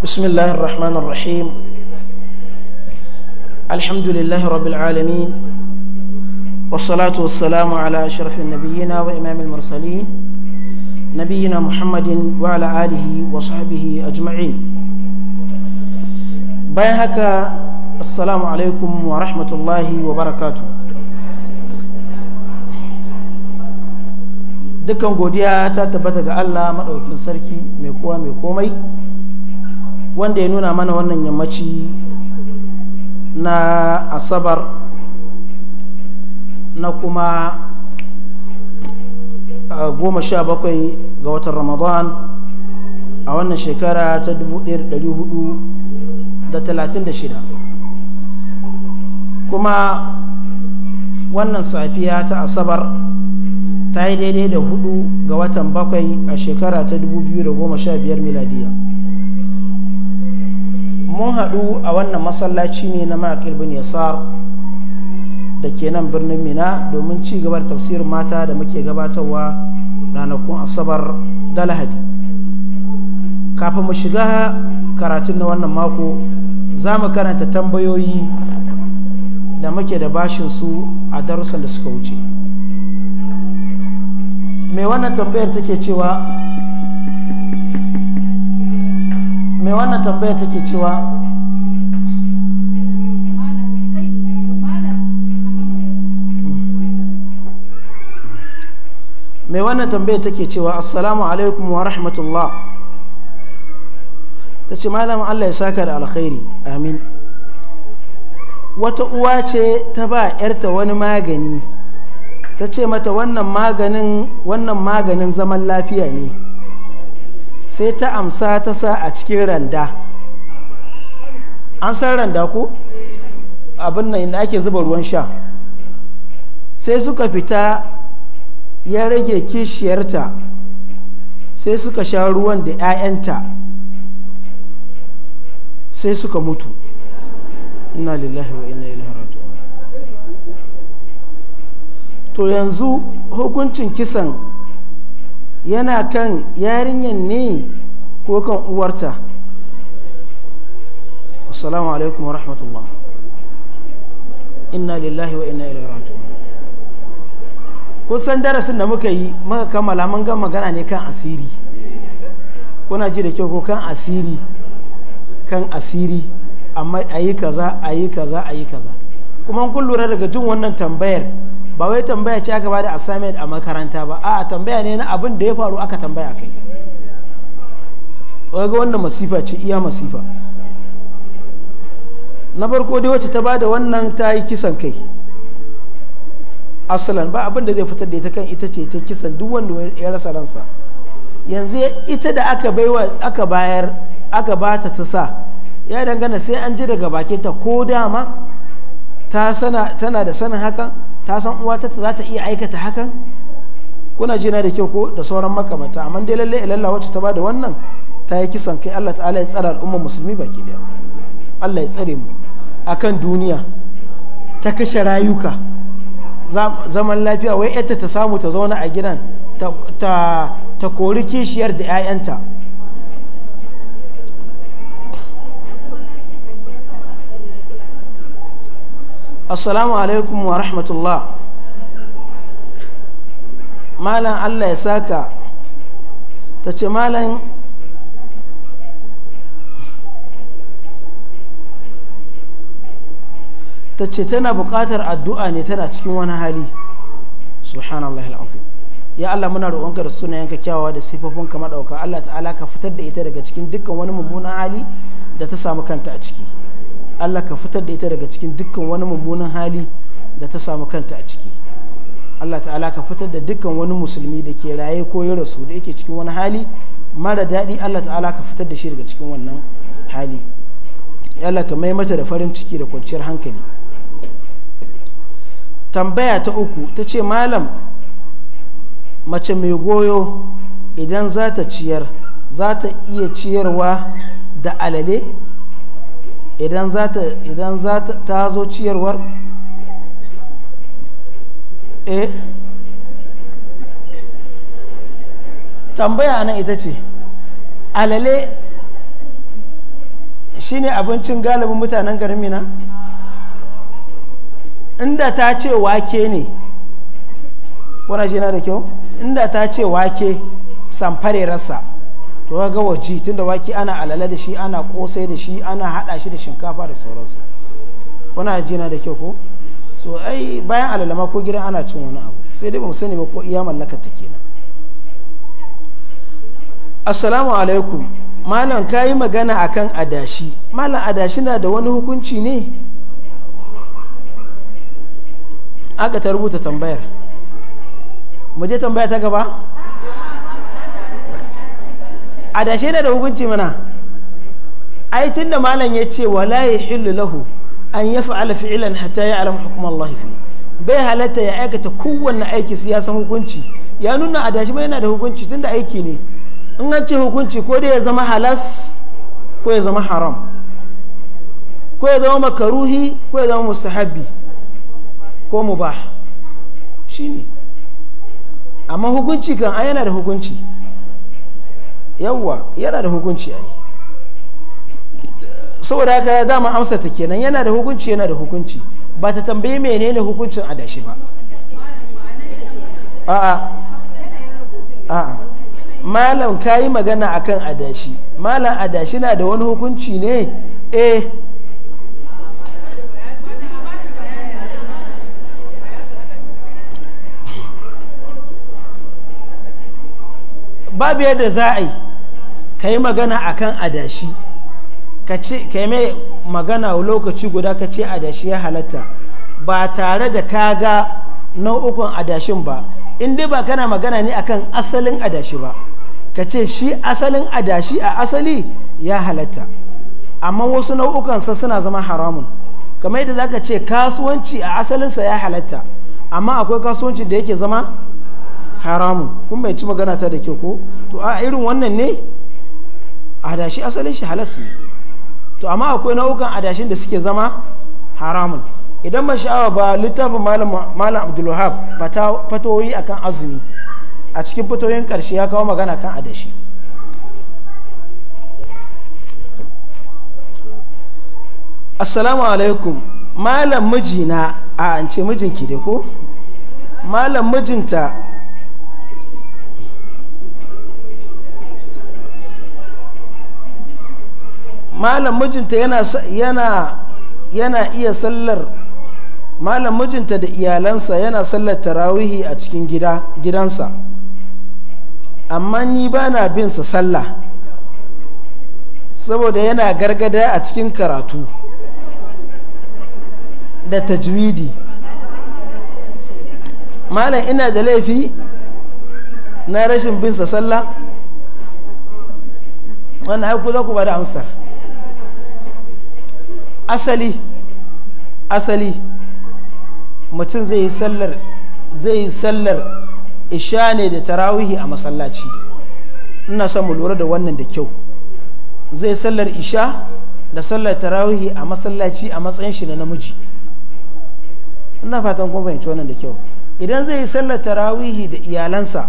بسم الله الرحمن الرحيم الحمد لله رب العالمين والصلاة والسلام على أشرف النبيين وإمام المرسلين نبينا محمد وعلى آله وصحبه أجمعين bayan haka assalamu alaikum wa rahmatullahi wa barakatu dukkan godiya ta tabbata ga allah maɗaukin sarki mai kowa mai komai wanda ya nuna mana wannan yammaci na asabar na kuma goma sha bakwai ga watan ramadan a wannan shekara ta 1436 kuma wannan safiya ta asabar ta yi daidai da hudu ga watan bakwai a shekara ta 2015 miladiyya mun haɗu a wannan masallaci ne na makil bin yasar da ke nan birnin mina domin ci gaba da tafsirin mata da muke gabatarwa ranakun asabar da lahadi kafin mu shiga karatun na wannan mako za mu karanta tambayoyi da muke da bashin su a darussan da suka wuce mai wannan tambayar take cewa mai wannan tambaya take cewa mai wannan tambaya take cewa assalamu alaikum wa rahmatullah ta ce malamin allah ya saka da alkhairi amin wata uwa ce ta ba 'yarta wani magani ta ce mata wannan maganin wannan maganin zaman lafiya ne sai ta amsa ta sa a cikin randa an san randa ko abin nan inda ake zuba ruwan sha sai suka fita ya rage kishiyarta sai suka sha ruwan da 'ya'yanta sai suka mutu ina lillahi wa ina ilaihi raji'un to yanzu hukuncin kisan yana kan yarinyar ne ko kan uwarta assalamu alaikum wa rahmatullah inna lillahi wa inna ilaihi raji'un kusan darasin da muka yi muka kammala mun ga magana ne kan asiri kuna ji da kyau ko kan asiri kan asiri amma ayi kaza ayi kaza ayi kaza kuma kun lura daga jin wannan tambayar ba wai tambaya ce aka bada assignment a makaranta ba a tambaya ne na abin da ya faru aka tambaya kai ga wannan masifa ce iya masifa na farko dai wacce ta bada wannan ta yi kisan kai asalan ba abin da zai fitar da ita kan ita ce ta kisan duk wanda ya rasa ransa yanzu ita da aka baiwa aka bayar aka bata ta sa ya dangana sai an ji daga bakinta ko dama ta sana tana da sanin hakan ta san uwa ta za ta iya aikata hakan kuna jina da kyau ko da sauran makamanta amma dai lalle ilalla wacce ta bada wannan ta yi kisan kai Allah ta'ala ya tsara al'ummar musulmi baki daya Allah ya tsare mu akan duniya ta kashe rayuka zaman lafiya wai yadda ta samu ta zauna a gidan ta kori kishiyar da 'ya'yanta assalamu alaikum wa rahmatullah malam allah ya saka ta ce malam ta ce tana bukatar addu'a ne tana cikin wani hali subhanallah al'azim ya Allah muna roƙonka da sunayenka kyawawa da sifofin ka madauka Allah ta'ala ka fitar da ita daga cikin dukkan wani mummunan hali da ta samu kanta a ciki Allah ka fitar da ita daga cikin dukkan wani mummunan hali da ta samu kanta a ciki Allah ta'ala ka fitar da dukkan wani musulmi da ke raye ko ya rasu da yake cikin wani hali mara daɗi Allah ta'ala ka fitar da shi daga cikin wannan hali Allah ka mai mata da farin ciki da kwanciyar hankali tambaya ta uku ta ce malam mace mai goyo idan za ta ciyar za ta iya ciyarwa da alale idan za ta idan za ta zo ciyarwar eh tambaya nan ita ce alale shine abincin galibin mutanen garin mina inda ta ce wake ne wana shi na da kyau inda ta ce wake samfare rasa to ga waje tunda wake ana alala da shi ana kosai da shi ana hada shi da shinkafa da sauransu kuna na da kyau ko so ai bayan alalama ko gidan ana cin wani abu sai dai ba mu sani ba ko iya mallaka ta kenan assalamu alaikum malam ka yi magana akan adashi malam adashi na da wani hukunci ne aka ta rubuta tambayar mu je tambaya ta gaba adashe na da hukunci mana ai tunda malam ya ce wa layi hillu lahu an ya yaf'ala fi'lan hatta ya'lam hukm Allah fi bai halatta ya aikata kowanne aiki sai ya san hukunci ya nuna adashi ma yana da hukunci tunda aiki ne in an ce hukunci ko dai ya zama halas ko ya zama haram ko ya zama makaruhi ko ya zama mustahabbi ko mubah shine amma hukunci kan ai yana da hukunci yawwa yana da hukunci ai saboda haka dama amsa ta kenan yana da hukunci yana da hukunci ba ta tambayi menene hukuncin adashi ba a'a a'a malam ka yi magana akan adashi malam adashi na da wani hukunci ne eh babu yadda za a yi ka yi magana a kan adashi ka yi mai magana lokaci guda ka ce adashi ya halatta ba tare da ka ga nau'ukan adashin ba in dai ba kana magana ne akan asalin adashi ba ka ce shi asalin adashi a asali ya halatta amma wasu nau'ukansa suna zama haramun kamar yadda zaka ce kasuwanci a asalinsa ya halatta amma akwai kasuwanci da yake zama haramun kun bai ci magana ta da ke ko to a irin wannan ne adashi asalin shi halas ne to amma akwai nau'ukan adashin da suke zama haramun idan ba sha'awa ba littafin malam abdulwahab fatoyi akan azumi a cikin fatoyin karshe ya kawo magana kan adashi assalamu alaikum malam mijina a an ce mijinki da ko malam mijinta malam mijinta yana iya sallar malam mijinta da iyalansa yana sallar tarawihi a cikin gida gidansa amma ni ba na bin sallah saboda yana gargada a cikin karatu da tajwidi malam ina da laifi na rashin bin sa sallah wannan haiku za ku ba da amsar asali asali mutum zai yi sallar zai yi sallar isha ne da tarawihi a masallaci ina son mu lura da wannan da kyau zai sallar isha da sallar tarawihi a masallaci a matsayin shi na namiji ina fatan kuma fahimci wannan da kyau idan zai yi sallar tarawihi da iyalansa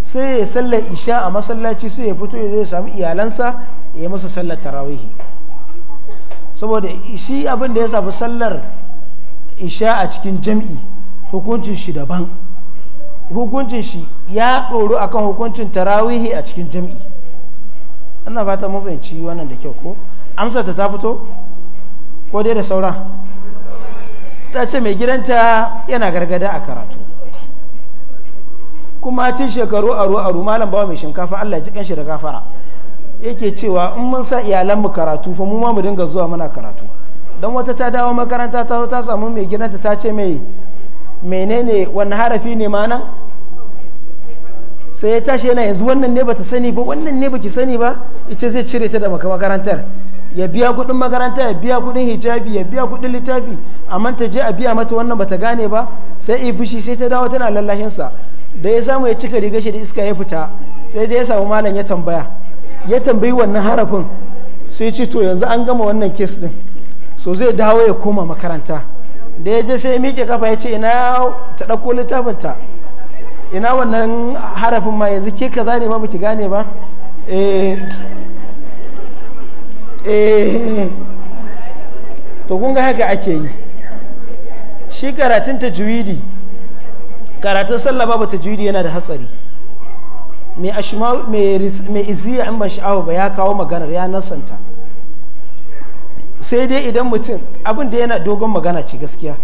sai ya sallar isha a masallaci sai ya fito ya zo ya samu iyalansa ya yi masa sallar tarawihi saboda shi abin da ya safi sallar isha a cikin jam'i hukuncin shi daban hukuncin shi ya ɗoro akan hukuncin tarawihi a cikin jam'i ana fata mafinci wannan da kyau ko amsa ta fito ko dai da saura ta ce mai gidanta yana gargada a karatu kuma tun shekaru aru-aru malam bawa mai shinkafa allah ya ji kanshi da gafara yake cewa in mun sa iyalan mu karatu fa mu ma mu dinga zuwa muna karatu dan wata ta dawo makaranta ta ta samu mai gidanta ta ce mai menene wani harafi ne ma nan sai ya tashi yana yanzu wannan ne bata sani ba wannan ne baki sani ba ita zai cire ta da makarantar ya biya kudin makaranta ya biya kudin hijabi ya biya kudin littafi amma ta je a biya mata wannan bata gane ba sai yi fushi sai ta dawo tana lallahinsa da ya samu ya cika riga shi da iska ya fita sai dai ya samu malam ya tambaya ya tambayi wannan harafin sai ce to yanzu an gama wannan kes din so zai dawo ya koma makaranta da ya je sai ya miƙe kafa ya ce ina ta ɗauko littafinta ina wannan harafin ma yanzu ke kaza ne ma baki gane ba eh, eh. to kun ga haka ake yi shi karatun tajwidi karatun sallah babu tajwidi yana da hatsari mai iziya in ban sha'awa ba ya kawo maganar ya nasanta sai dai idan mutum abin da yana dogon magana ce gaskiya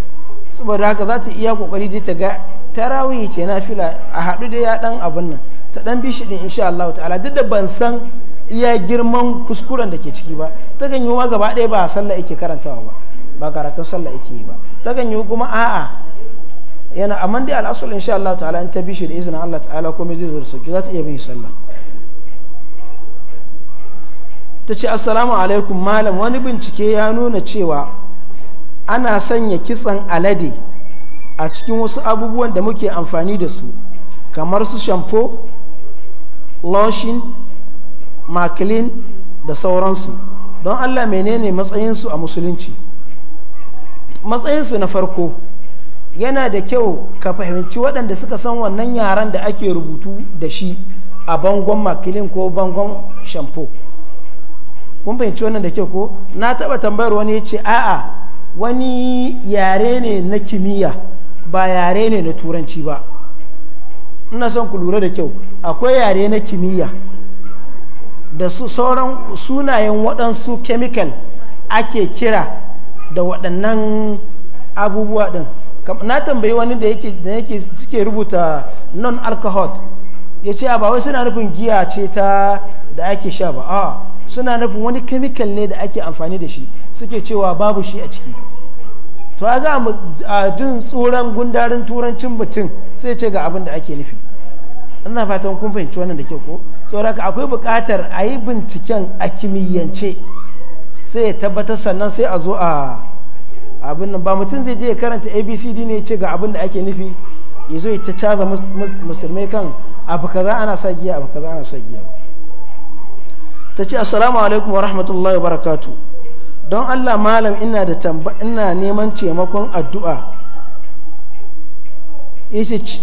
saboda haka za ta iya kokari dai ta ga tarawih ce na fila a haɗu da ya ɗan abin nan ta ɗan bi shi ɗin insha Allah ta'ala duk da ban san iya girman kuskuren da ke ciki ba ta kan yi wa gaba ɗaya ba sallah yake karantawa ba ba karatun sallah yake yi ba ta kan yi kuma a'a yana amma dai al'asul insha Allah ta'ala in ta bishi shi da izinin Allah ta'ala ko mai zai zo da sauki za ta iya bin sallah ta ce assalamu alaikum malam wani bincike ya nuna cewa ana sanya kitsan alade a cikin wasu abubuwan da muke amfani da su kamar su shampo lotion makilin da sauransu don allah menene matsayinsu a musulunci matsayinsu na farko yana da kyau ka fahimci waɗanda suka san wannan yaren da ake rubutu da shi a bangon makilin ko bangon shampo kun fahimci wannan da kyau ko na taɓa tambayar wani ya ce a'a wani yare ne na kimiyya ba yare ne na turanci ba ina son ku lura da kyau akwai yare na kimiyya da su sauran sunayen waɗansu kemikal ake kira da waɗannan abubuwa ɗin na tambayi wani da yake da yake suke rubuta non alcohol ya ce a wai suna nufin giya ce ta da ake sha ba a suna nufin wani kemikal ne da ake amfani da shi suke cewa babu shi a ciki to a ga a jin tsoron gundarin turancin mutum sai ce ga abin da ake nufi ina fatan kun fahimci wannan da ke ko haka akwai bukatar a yi binciken a kimiyyance sai ya tabbatar sannan sai a zo a abin nan ba mutum zai je ya karanta abcd ne ya ce ga abin da ake nufi ya zo ya ta caza musulmai kan abu kaza ana sa giya abu kaza ana sa giya ta ce assalamu alaikum wa rahmatullahi wa barakatu don allah malam ina da tamba ina neman taimakon addu'a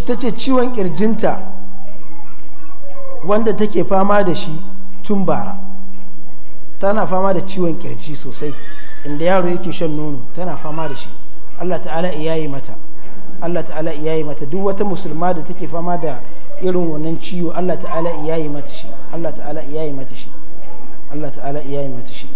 ta ce ciwon kirjinta wanda take fama da shi tun bara tana fama da ciwon kirji sosai inda yaro yake shan nono tana fama da shi Allah ta'ala iyayi mata Allah ta'ala iyayi mata duk wata musulma da take fama da irin wannan ciwo Allah ta'ala iyayi mata shi Allah ta'ala iyayi mata shi Allah ta'ala iyayi mata shi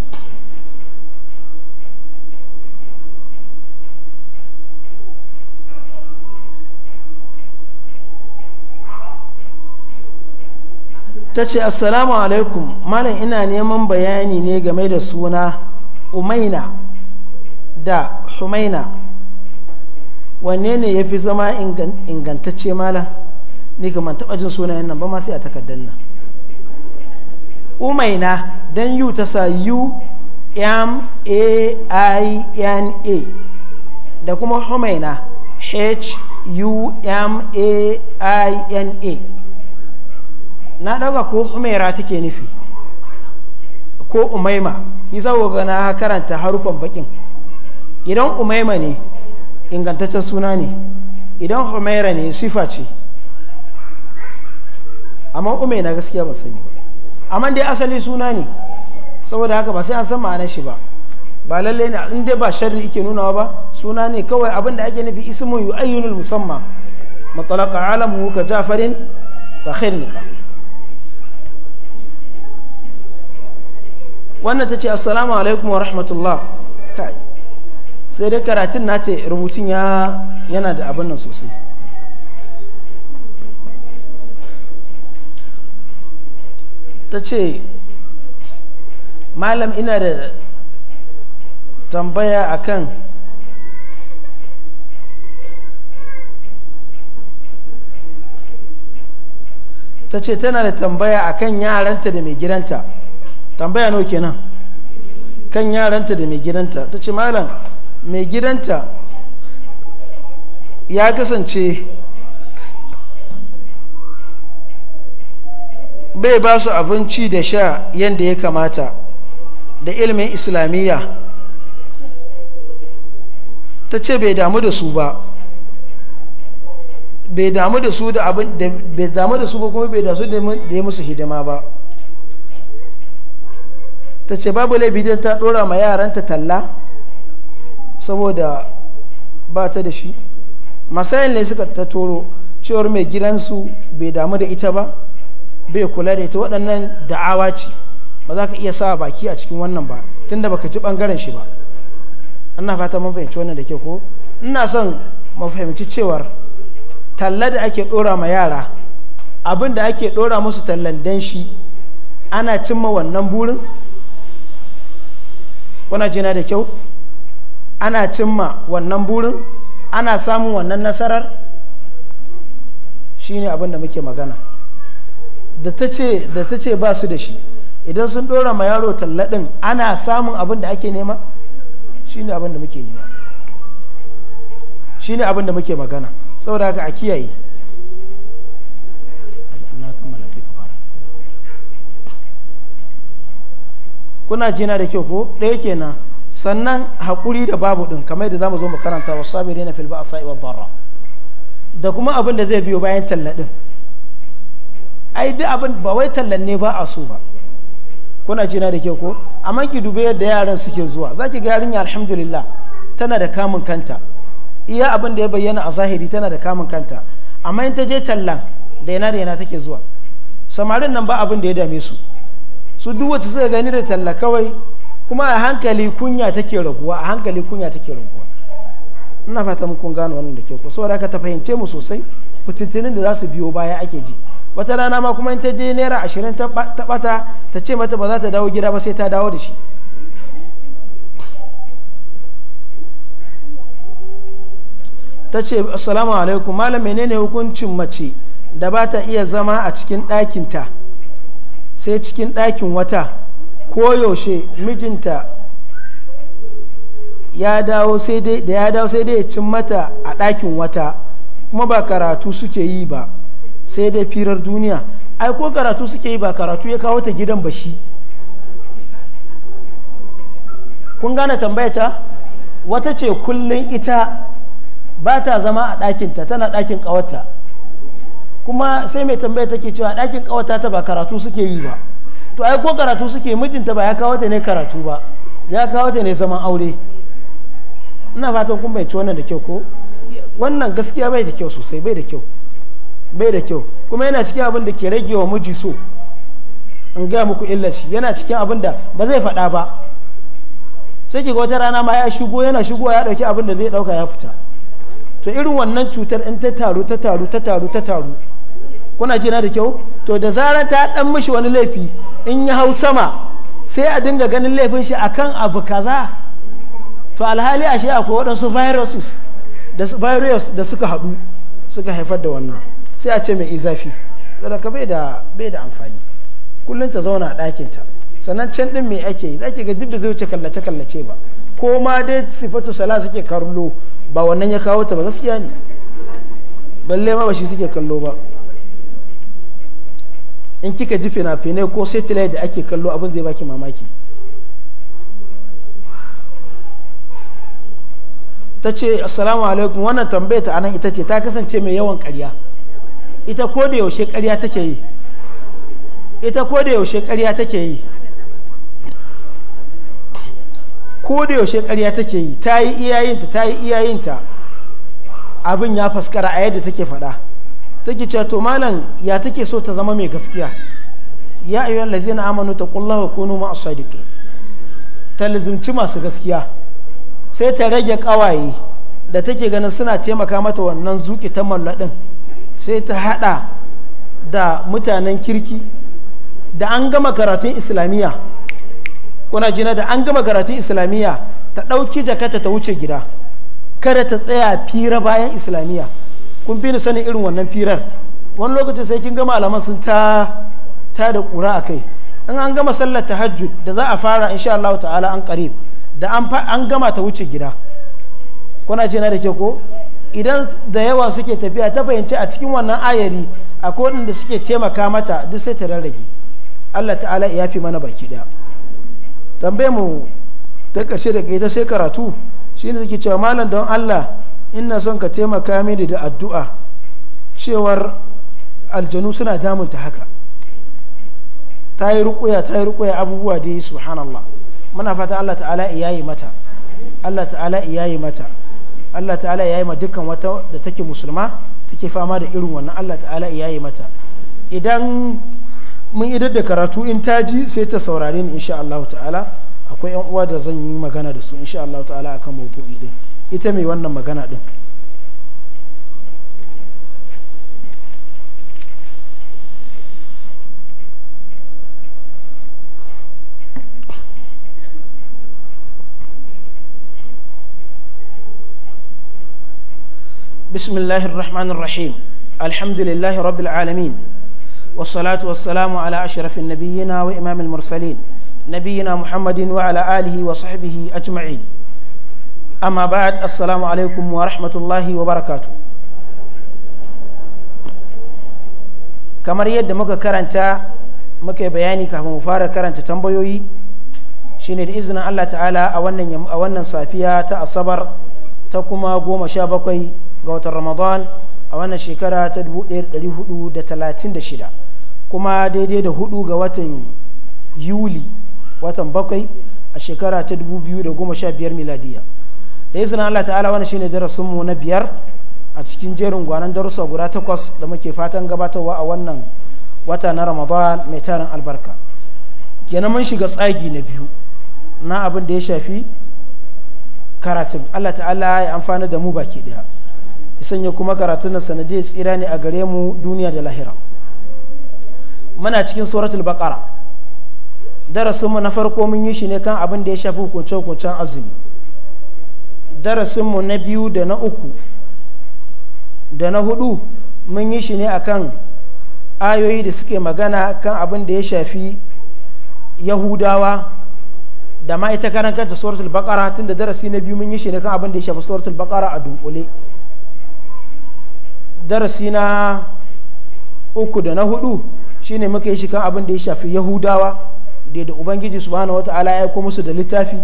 ta ce assalamu alaikum malam ina neman bayani ne game da suna umaina da humaina wanne ne ya fi zama ingantacce mala ni kaman taɓa jin sunayen nan ba ma sai a takardar nan umaina don yu ta sa u m a i n a da kuma humaina h u m a i n a na ɗauka ko humaira take nufi ko umaima isa ga na karanta harufan bakin idan umaima ne ingantaccen suna ne idan humaira ne sifa ce amma umai na gaskiya ban sani ba amma dai asali suna ne saboda haka ba sai an san ma'anar shi ba ba lallai ne in dai ba sharri ike nunawa ba suna ne kawai abin da ake nufi yu ayyunul musamman matalaqa alamu ka jafarin ba khairnika wannan ta ce assalamu alaikum wa rahmatullah kai sai dai karatun na ce rubutun ya yana da abin nan sosai ta ce malam ina da tambaya akan ta ce tana da tambaya akan yaranta da mai gidanta tambaya nawa kenan kan yaranta da mai gidanta ta ce malam mai gidanta ya kasance bai ba su abinci da sha yadda ya kamata da ilimin islamiyya ta ce bai damu da su ba bai damu da su da abin bai damu da su ba kuma bai da su da ya musu hidima ba ta ce babu laifi don ta dora ma yaranta talla saboda ba ta da shi masayin ne suka ta toro cewar mai gidansu bai damu da ita ba bai kula da ita waɗannan da'awa ce ba za ka iya sa baki a cikin wannan ba tun ba baka ji ɓangaren shi ba ina fata mun fahimci wannan da ke ko ina son mu fahimci cewar talla da ake ɗora ma yara abin da ake ɗora musu tallan dan shi ana cimma wannan burin kuna jina da kyau ana cimma wannan burin ana samun wannan nasarar shine ne da muke magana da ta ce ba su da shi idan sun dora ma yaro talladin ana samun abin da ake nema shine abin da muke nema shine abin da muke magana saboda haka a kiyaye kuna jina da kyau ko ɗaya kenan sannan haƙuri da babu ɗin kamar da mu zo mu karanta wa sabirina a sa'i wa da kuma abin da zai biyo bayan talla ɗin ai duk abin ba wai tallan ne ba a so ba kuna jina da kyau ko amma ki dube yadda yaran suke zuwa za ki ga yarinya alhamdulillah tana da kamun kanta iya abin da ya bayyana a zahiri tana da kamun kanta amma in ta je tallan da yana da yana take zuwa samarin nan ba abin da ya dame su su duk wacce suka gani da talla kawai kuma a hankali kunya take raguwa a hankali kunya take raguwa ina fata mun kun gano wannan da kyau ko saboda ka ta fahimce mu sosai fitintinin da za su biyo baya ake ji wata rana ma kuma in ta je naira ashirin ta bata ta ce mata ba za ta dawo gida ba sai ta dawo da shi ta ce assalamu alaikum malam menene hukuncin mace da ba ta iya zama a cikin ɗakinta sai cikin ɗakin wata koyaushe mijinta ya dawo sai dai da ya dawo sai dai ya cin mata a ɗakin wata kuma ba karatu suke yi ba sai dai firar duniya ai ko karatu suke yi ba karatu ya kawo ta gidan ba shi kun gane ta wata ce kullum ita ba ta zama a ɗakinta tana ɗakin ƙawarta kuma sai mai tambaya take cewa ɗakin ƙawata ta ba karatu suke yi ba to ai ko karatu suke mijinta ba ya kawo ta ne karatu ba ya kawo ta ne zaman aure ina fatan kun bai ci wannan da kyau ko wannan gaskiya bai da kyau sosai bai da kyau bai da kyau kuma yana cikin abin da ke rage wa miji so in gaya muku illa shi yana cikin abin da ba zai faɗa ba sai ki wata rana ma ya shigo yana shigo ya ɗauki abin da zai ɗauka ya fita to irin wannan cutar in ta taru ta taru ta taru ta taru kuna jina da kyau to da zarar ta dan mishi wani laifi in ya hau sama sai a dinga ganin laifin shi akan abu kaza to alhali ashe akwai waɗansu viruses da virus da suka haɗu suka haifar da wannan sai a ce mai izafi ka bai da bai da amfani kullum ta zauna a ɗakinta sannan can din me ake yi zaki ga duk da zai wuce kallace kallace ba ko ma dai sifatu sala suke kallo ba wannan ya kawo ta ba gaskiya ne balle ma ba shi suke kallo ba in kika ji fina-finai ko satellite da ake kallo abin zai baki mamaki ta ce assalamu alaikum wannan tambaya ta anan ita ce ta kasance mai yawan karya ita ko da yaushe karya take yi ita ko da yaushe karya take yi ko da yaushe karya take yi ta yi iyayinta ta yi iyayinta abin ya faskara a yadda take faɗa take cewa to malam ya take so ta zama mai gaskiya ya ayyuhal na amanu taqullaha kunu ma'as sadiqin ta lizimci masu gaskiya sai ta rage kawaye da take ganin suna taimaka mata wannan zuki ta mallaɗin sai ta haɗa da mutanen kirki da an gama karatun islamiyya kuna jina da an gama karatun islamiyya ta ɗauki jakata ta wuce gida kada ta tsaya fira bayan islamiyya kun fi ni sanin irin wannan firar wani lokaci sai kin gama malaman sun ta ta da kura a kai in an gama sallar tahajjud da za a fara insha Allah ta'ala an qarib da an gama ta wuce gida kuna ce na da ke ko idan da yawa suke tafiya ta fahimci a cikin wannan ayari a kodin da suke taimaka mata duk sai ta rarrage Allah ta'ala ya fi mana baki daya tambaye mu ta ƙarshe da ita sai karatu shine suke cewa malam don Allah ina son ka taimaka mini da addu'a cewar aljanu suna damunta haka ta yi rukuya ta yi rukuya abubuwa dai subhanallah muna fata Allah ta'ala iyayi mata Allah ta'ala iyayi mata Allah ta'ala iyayi ma dukkan wata da take musulma take fama da irin wannan Allah ta'ala iyayi mata idan mun idar da karatu in taji sai ta saurare ni insha Allah ta'ala akwai yan uwa da zan yi magana da su insha Allah ta'ala akan maudu'i din ita mai wannan magana din بسم الله الرحمن الرحيم الحمد لله رب العالمين والصلاة والسلام على أشرف النبيين وإمام المرسلين نبينا محمد وعلى آله وصحبه أجمعين amma assalamu alaikum wa rahmatullahi wa barakatu kamar yadda muka karanta muka yi bayani kafin mu fara karanta tambayoyi shine da izinin Allah ta'ala a wannan safiya ta asabar ta kuma goma sha bakwai ga watan ramadan a wannan shekara ta dubu shida kuma daidai da hudu ga watan yuli watan bakwai a shekara ta dubu biyu da goma sha biyar miladiya da izina Allah ta'ala wani shine darasin mu na biyar a cikin jerin gwanan darussa guda takwas da muke fatan gabatarwa a wannan wata na Ramadan mai tarin albarka kenan mun shiga tsagi na biyu na abin da ya shafi karatun Allah ta'ala ya amfana da mu baki daya sanya kuma karatun na sanadiyar tsira ne a gare mu duniya da lahira muna cikin suratul baqara darasin mu na farko mun yi shi ne kan abin da ya shafi hukunce-hukuncen azumi darasinmu na biyu da na uku da na hudu mun yi shi ne akan ayoyi da suke magana kan abin da ya shafi yahudawa da ma ita karan kanta suratul baqara tun darasi na biyu mun yi shi ne kan abin da ya shafi suratul baqara a dunkule darasi na uku da na hudu shine muka yi shi kan abin da ya shafi yahudawa da da ubangiji subhanahu wataala ya aiko musu da littafi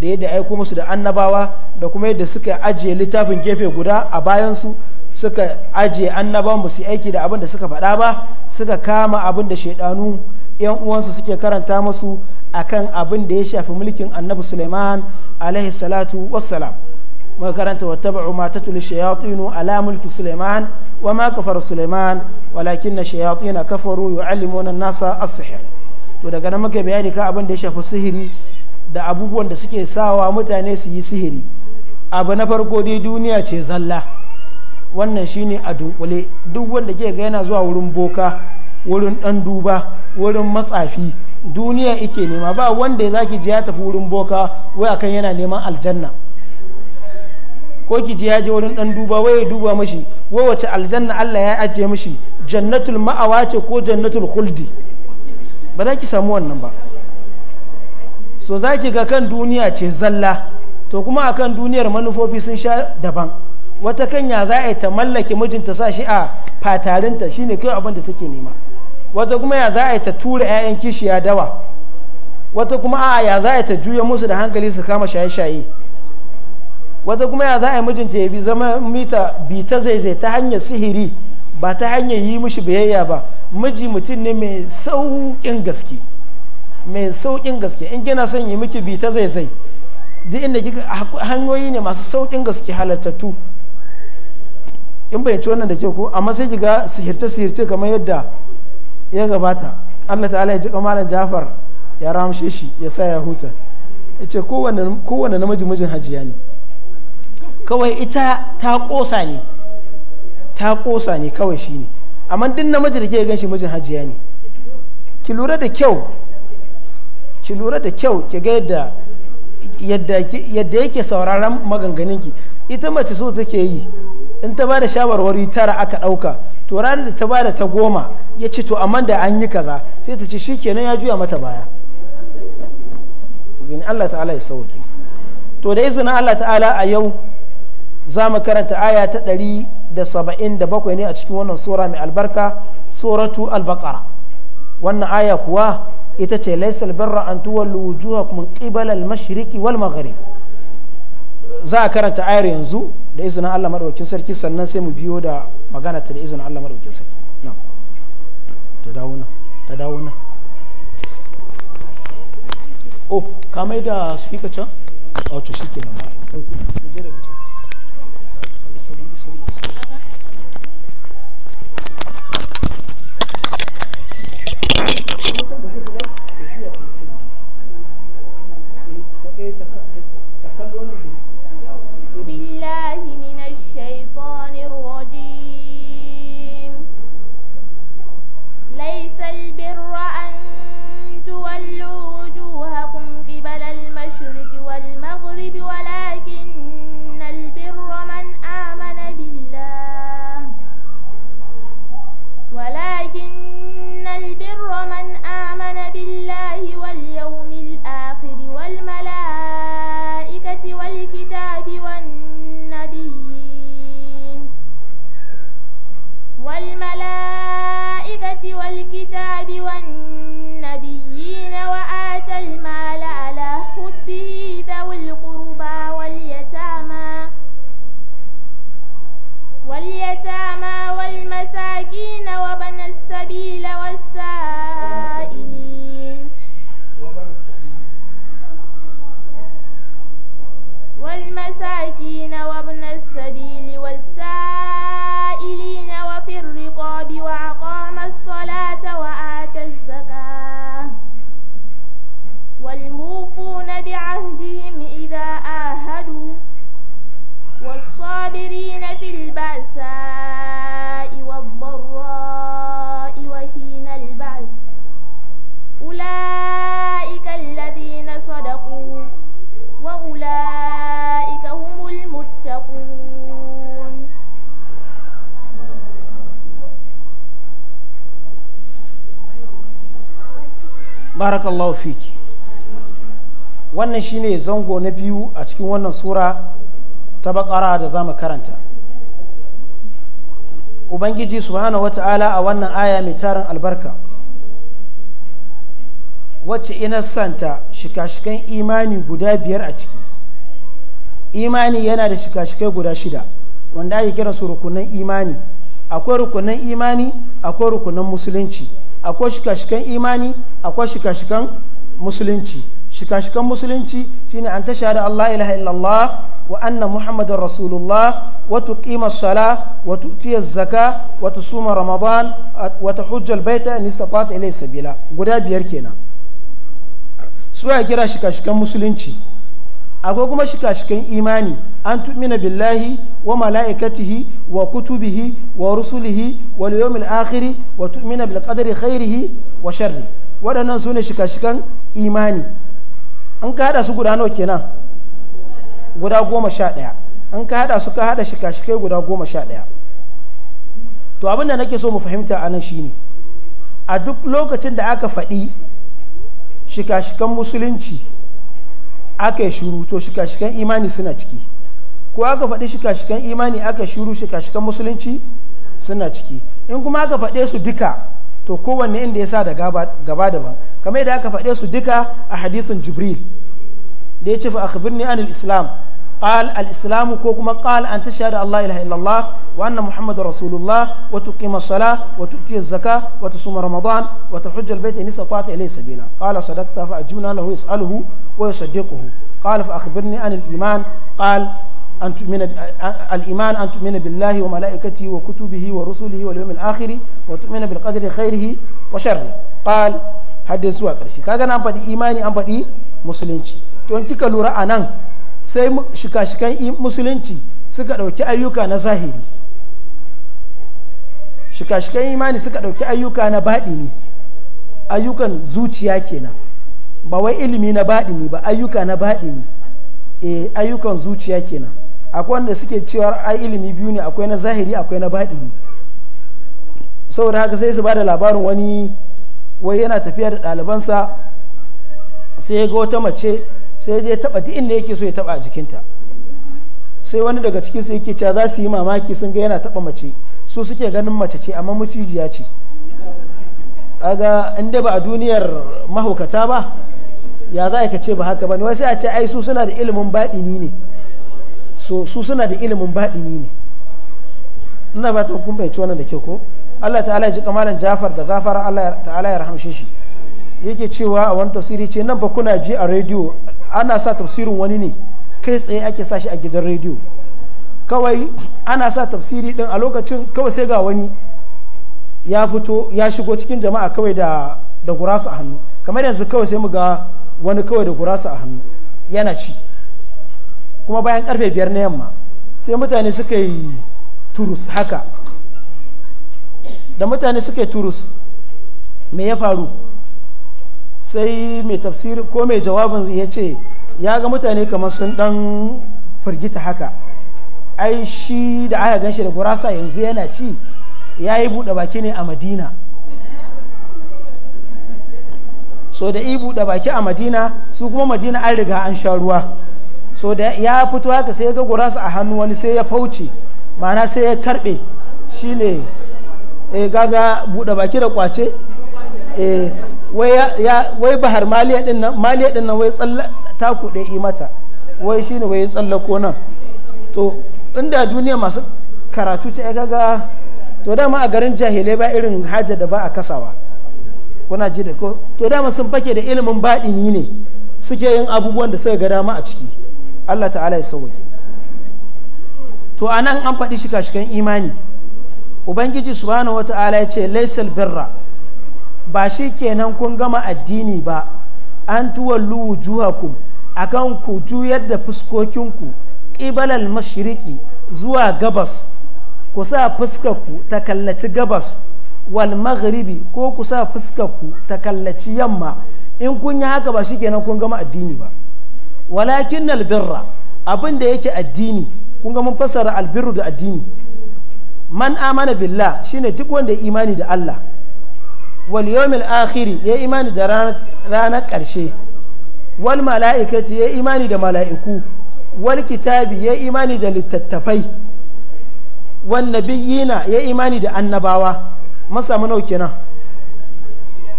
da yadda aiko musu da annabawa da kuma yadda suka ajiye littafin gefe guda a bayansu suka ajiye annabawan ba su aiki da abin da suka faɗa ba suka kama abin da shaidanu yan uwansu suke karanta musu akan abin da ya shafi mulkin annabi suleiman alaihi salatu wassalam muka karanta wa taba'u ma tatul shayatinu ala mulki suleiman wa ma kafara suleiman walakinna shayatina kafaru yu'allimuna an-nasa as-sihr to daga nan muka bayani ka abin da ya shafi sihiri da abubuwan da suke sawa mutane su yi sihiri abu na farko dai duniya ce zalla wannan shine a dunkule duk wanda ke ga yana zuwa wurin boka wurin dan duba wurin matsafi duniya ike nema ba wanda zaki ji ya tafi wurin boka wai akan yana neman aljanna ko ki ji ya je wurin ɗan duba wai ya duba mashi wai wace aljanna Allah ya ajiye mashi jannatul ma'awa ce ko jannatul khuldi ba za ki samu wannan ba so za ki ga kan duniya ce zalla to kuma a kan duniyar manufofi sun sha daban wata kanya za a yi ta mallake mijinta sa shi a fatarinta shi ne kai abin da take nema wata kuma ya za a yi ta tura 'ya'yan kishiya dawa wata kuma a ya za a yi ta juya musu da hankali su kama shaye-shaye wata kuma ya za a yi mijinta ya bi zama mita bi ta zaizai ta hanyar sihiri ba ta hanyar yi mishi biyayya ba miji mutum ne mai sauƙin gaske mai sauƙin gaske in kina son yi miki bi ta zaizai duk inda kika hanyoyi ne masu saukin gaske halartattu in bai ci wannan da ke ko amma sai kiga sihirce sihirce kamar yadda ya gabata Allah ta'ala ya ji kamalan Jafar ya ramshe shi ya sa ya huta yace kowanne kowanne namiji mijin hajiya ne kawai ita ta kosa ne ta kosa ne kawai shine amma duk namiji da ke gan shi mijin hajiya ne ki lura da kyau ki lura da kyau ki ga yadda yadda yake sauraron maganganunki ita mace so take yi in ta bada shawarwari tara aka ɗauka to ranar da ta bada ta goma ya ce to amma da an yi kaza sai ta ce kenan ya juya mata baya gani Allah ta'ala ya sauke to da izinin Allah ta'ala a yau za mu karanta aya ta ɗari da saba'in da bakwai ne a cikin wannan sura mai albarka suratu albakara wannan aya kuwa ita ce laisal barra an tuwallu wujuhakum kuma al mashiriki wal maghrib za a karanta ayar yanzu da izinin Allah maɗaukin sarki sannan sai mu biyo da magana ta da izinin Allah maɗaukin sarki na ta dawo na ta dawo na oh ka mai da speaker can oh to shikenan ba barakallahu fiki wannan shine zango na biyu a cikin wannan sura ta bakara da za mu karanta ubangiji subhanahu wata'ala a wannan aya mai tarin albarka wacce ina santa shika-shikan imani guda biyar a ciki imani yana da shika-shikai guda shida wanda ake kira su rukunan imani akwai rukunan imani akwai rukunan musulunci akwai shika-shikan imani akwai shika-shikan musulunci shika-shikan musulunci shine an tasha da Allah ilaha illallah wa anna muhammadar rasulullah wa tuqima sala wa tiyar zaka wa suma ramadan wa hujjar baita in istata'a ilai sabila guda biyar kenan su ya kira shika-shikan musulunci akwai kuma shika-shikan imani an tu'mina billahi wa mala'ikatihi wa kutubihi wa rusulihi wa yawmil akhiri wa tu'mina bil qadri khairihi wa sharri waɗannan su ne shika-shikan imani an ka haɗa su guda nawa kenan guda goma sha ɗaya an ka haɗa su ka haɗa shika-shikai guda goma sha ɗaya to abin da nake so mu fahimta a nan shine a duk lokacin da aka faɗi shika-shikan musulunci aka yi shuru to shika-shikan imani suna ciki ko aka faɗi shika-shikan imani aka shuru shika-shikan musulunci suna ciki in kuma aka faɗe su duka to kowanne inda ya sa da gaba daban kamar yadda aka faɗe su duka a hadithun jibril da ya ce fa birni an al-islam qal al-islam ko kuma qal an tasha da allah ilaha illallah wa anna muhammadar rasulullah wa tuqim as-salah wa tu'ti az-zaka wa tusum ramadan wa tahujj al-bayt in istata'ta ilayhi sabila qala sadaqta fa ajibna lahu yas'aluhu wa yusaddiquhu qala fa akhbirni an al-iman qala أن تؤمن الإيمان أن تؤمن بالله وملائكته وكتبه ورسله واليوم الآخر وتؤمن بالقدر خيره وشره قال حدث وقرشي كذا أنا بدي إيماني أنا بدي musulunci to kika lura a nan sai shika-shikan musulunci suka ɗauki ayyuka na zahiri shika-shikan imani suka ɗauki ayyuka na baɗini ayyukan zuciya kenan ba wai ilimi na baɗini ba ayyuka na baɗini e ayyukan zuciya kenan akwai wanda suke cewa ai ilimi biyu ne akwai na zahiri akwai na baɗi baɗini saboda haka sai su ba da labarin wani wai yana tafiya da ɗalibansa sai ya ga wata mace sai ya je taɓa duk inda yake so ya taɓa a jikinta sai wani daga cikin su yake cewa za su yi mamaki sun ga yana taɓa mace su suke ganin mace ce amma macijiya ce aga inda ba a duniyar mahaukata ba ya za ka ce ba haka ba ne wasu a ce ai su suna da ilimin baɗini ne so su suna da ilimin baɗini ne ina ba ta kun bayyace wannan da ke ko Allah ta'ala ya ji kamalan Jafar da gafara Allah ta'ala ya rahamshe shi yake cewa a wani tafsiri ce nan ba kuna ji a rediyo ana sa tafsirin wani ne kai tsaye ake sa shi a gidan rediyo kawai ana sa tafsiri din a lokacin kawai sai ga wani ya fito ya shigo cikin jama'a kawai da da gurasa a hannu kamar yanzu kawai sai mu ga wani kawai da gurasa a hannu yana ci kuma bayan karfe biyar na yamma sai mutane suka yi turus haka da mutane suka yi turus me ya faru sai mai tafsiri ko mai jawabin ya ce ya ga mutane kamar sun dan firgita haka ai shi da aka gan shi da gurasa yanzu yana ci ya yi buɗe baki ne a madina so da yi buɗe baki a madina su kuma madina an riga an sha ruwa so da ya fito haka sai ya ga gurasa a hannu wani sai ya fauce ma'ana sai ya karbe shine e eh, gaga buɗe baki da kwace e eh, wai bahar maliya din nan maliya din nan wai tsalla ta kuɗe yi mata wai shine wai tsallako nan to inda duniya masu karatu ce ya gaga to dama a garin jahilai ba irin hajja da ba a kasawa kuna ji da ko to dama sun fake da ilimin baɗini ne suke yin abubuwan da suka ga dama a ciki Allah ta'ala ya sauwake to anan an faɗi shika-shikan imani ubangiji subhanahu wata'ala ya ce laisal birra ba shi kenan kun gama addini ba an tuwallu wujuhakum akan ku juyar da fuskokin fuskokinku ƙibalal mashiriki zuwa gabas ku sa ku ta kallaci gabas wal maghribi ko ku sa fuskarku ta kallaci yamma in kun yi haka ba shi kenan kun gama addini ba walakin albirra abin da yake addini kun ga mun fassara albirru da addini man amana billah shine duk wanda ya imani da Allah wal yawmil akhiri ya imani da ranar karshe wal mala'ikati ya imani da mala'iku wal kitabi ya imani da littattafai wan nabiyina ya imani da annabawa mun samu nau kenan